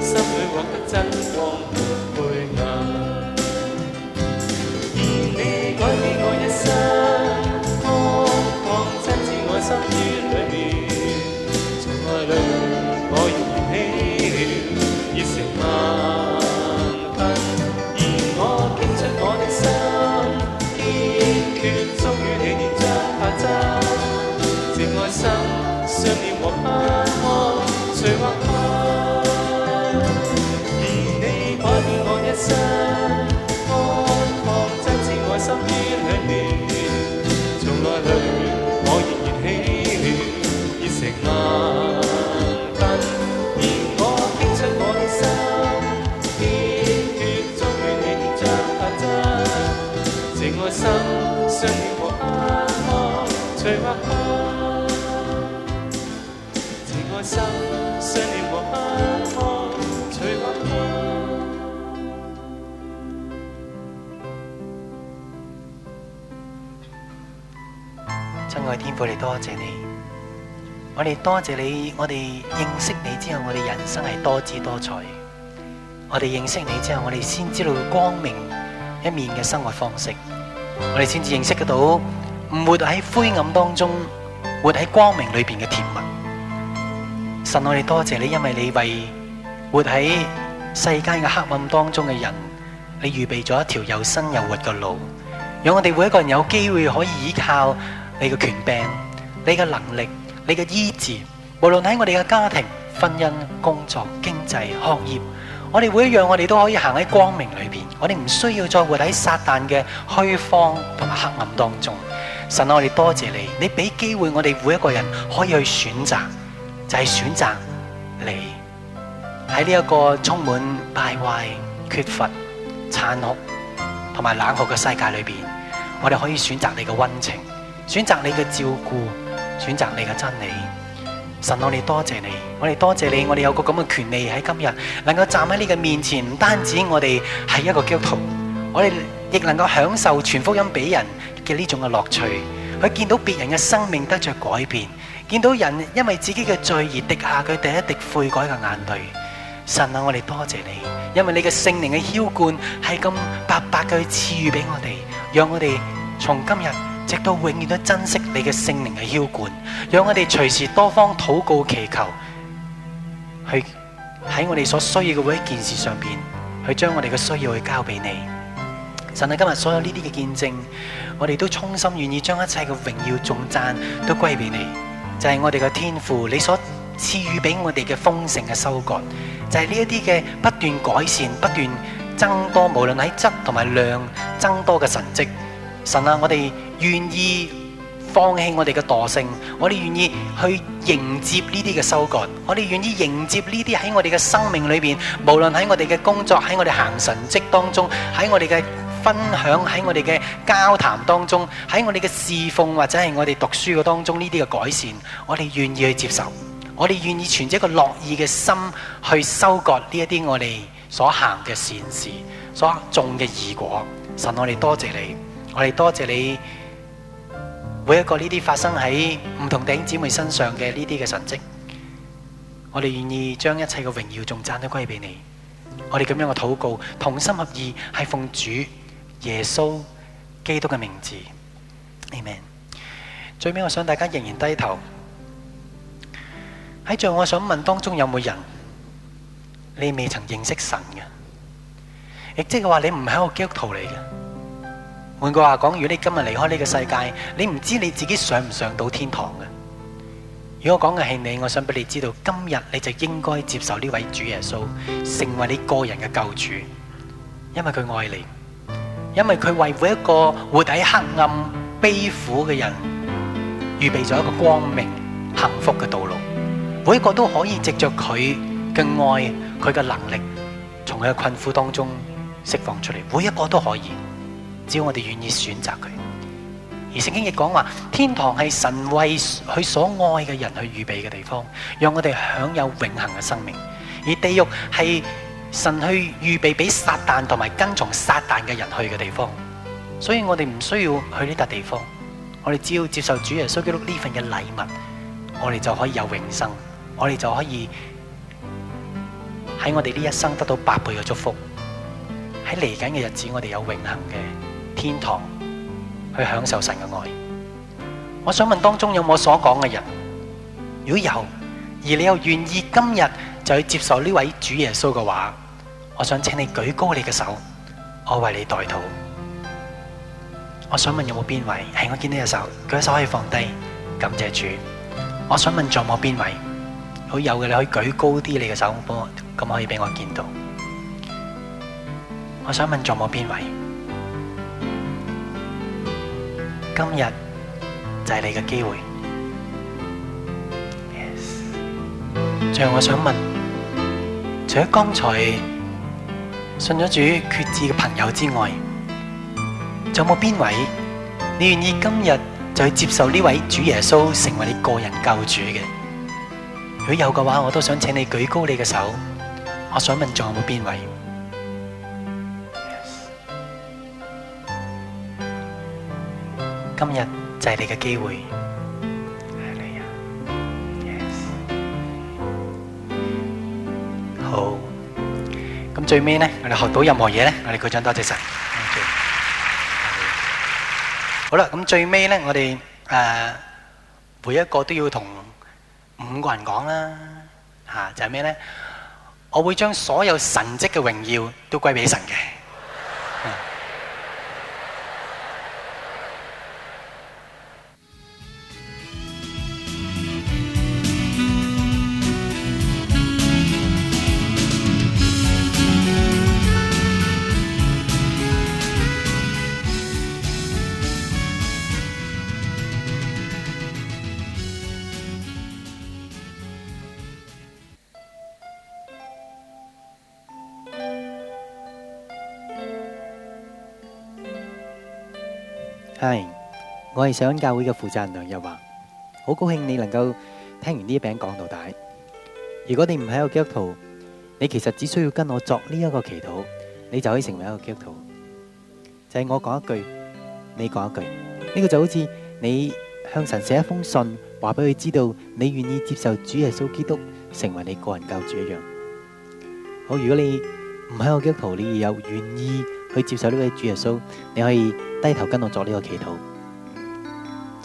心裏獲得真光。我哋多謝你，我哋多謝你，我哋認識你之後，我哋人生係多姿多彩。我哋認識你之後，我哋先知道光明一面嘅生活方式，我哋先至認識得到，唔活喺灰暗當中，活喺光明裏面嘅甜蜜。神，我哋多謝你，因為你為活喺世間嘅黑暗當中嘅人，你預備咗一條又新又活嘅路，讓我哋每一個人有機會可以依靠。你嘅權柄，你嘅能力，你嘅醫治，無論喺我哋嘅家庭、婚姻、工作、經濟、學業，我哋每一樣我哋都可以行喺光明裏邊。我哋唔需要再活喺撒旦嘅虛荒同埋黑暗當中。神，我哋多謝你，你俾機會我哋每一個人可以去選擇，就係選擇你。喺呢一個充滿敗壞、缺乏、殘酷同埋冷酷嘅世界裏邊，我哋可以選擇你嘅溫情。選擇你嘅照顧，選擇你嘅真理，神啊，我哋多謝你，我哋多謝你，我哋有個咁嘅權利喺今日，能夠站喺你嘅面前，唔單止我哋係一個基督徒，我哋亦能夠享受傳福音俾人嘅呢種嘅樂趣，去見到別人嘅生命得着改變，見到人因為自己嘅罪而滴下佢第一滴悔改嘅眼淚，神啊，我哋多謝你，因為你嘅聖靈嘅澆灌係咁白白嘅去賜予俾我哋，讓我哋從今日。直到永遠都珍惜你嘅聖靈嘅澆灌，讓我哋隨時多方禱告祈求，去喺我哋所需要嘅每一件事上邊，去將我哋嘅需要去交俾你。神啊，今日所有呢啲嘅見證，我哋都衷心願意將一切嘅榮耀頌讚都歸俾你。就係、是、我哋嘅天父，你所賜予俾我哋嘅豐盛嘅收割，就係呢一啲嘅不斷改善、不斷增多，無論喺質同埋量增多嘅神蹟。神啊，我哋願意放棄我哋嘅惰性，我哋願意去迎接呢啲嘅收割，我哋願意迎接呢啲喺我哋嘅生命裏邊，無論喺我哋嘅工作，喺我哋行神蹟當中，喺我哋嘅分享，喺我哋嘅交談當中，喺我哋嘅侍奉或者係我哋讀書嘅當中呢啲嘅改善，我哋願意去接受，我哋願意存一個樂意嘅心去收割呢一啲我哋所行嘅善事，所種嘅義果。神啊，我哋多謝你。我哋多謝你每一個呢啲發生喺唔同弟兄姊妹身上嘅呢啲嘅神蹟，我哋願意將一切嘅榮耀仲讚得歸俾你。我哋咁樣嘅禱告，同心合意，係奉主耶穌基督嘅名字，amen。最尾我想大家仍然低頭喺最後我想問當中有冇人你未曾認識神嘅？亦即係話你唔係一個基督徒嚟嘅。換句話講，如果你今日離開呢個世界，你唔知你自己上唔上到天堂嘅。如果我講嘅係你，我想俾你知道，今日你就應該接受呢位主耶穌，成為你個人嘅救主，因為佢愛你，因為佢為每一個活喺黑暗悲苦嘅人預備咗一個光明幸福嘅道路。每一個都可以藉着佢嘅愛、佢嘅能力，從佢嘅困苦當中釋放出嚟。每一個都可以。只要我哋願意選擇佢，而聖經亦講話，天堂係神為佢所愛嘅人去預備嘅地方，讓我哋享有永恆嘅生命；而地獄係神去預備俾撒旦同埋跟從撒旦嘅人去嘅地方。所以我哋唔需要去呢笪地方，我哋只要接受主耶穌基督呢份嘅禮物，我哋就可以有永生，我哋就可以喺我哋呢一生得到八倍嘅祝福。喺嚟緊嘅日子，我哋有永恆嘅天堂去享受神嘅愛，我想問當中有冇所講嘅人？如果有而你又願意今日就去接受呢位主耶穌嘅話，我想請你舉高你嘅手，我為你代禱。我想問有冇邊位？係，我見呢隻手，佢隻手可以放低，感謝主。我想問在冇邊位？如果有嘅你可以舉高啲你嘅手波，咁可以俾我見到。我想問在冇邊位？今日就係你嘅機會。Yes，仲有我想問，除咗剛才信咗主決志嘅朋友之外，仲有冇邊位你願意今日就去接受呢位主耶穌成為你個人救主嘅？如果有嘅話，我都想請你舉高你嘅手。我想問仲有冇邊位？今日就係你嘅機會，係你啊，Yes，好，咁最尾咧，我哋學到任何嘢咧，我哋鼓掌多謝神。好啦，咁最尾咧，我哋誒，每一個都要同五個人講啦，吓就係咩咧？我會將所有神蹟嘅榮耀都歸俾神嘅。我係上教會嘅負責人梁日華，好高興你能夠聽完呢一篇講道大。如果你唔喺個基督徒，你其實只需要跟我作呢一個祈禱，你就可以成為一個基督徒。就係我講一句，你講一句，呢個就好似你向神寫一封信，話俾佢知道你願意接受主耶穌基督成為你個人救主一樣。好，如果你唔喺個基督徒，你又願意去接受呢位主耶穌，你可以低頭跟我作呢個祈禱。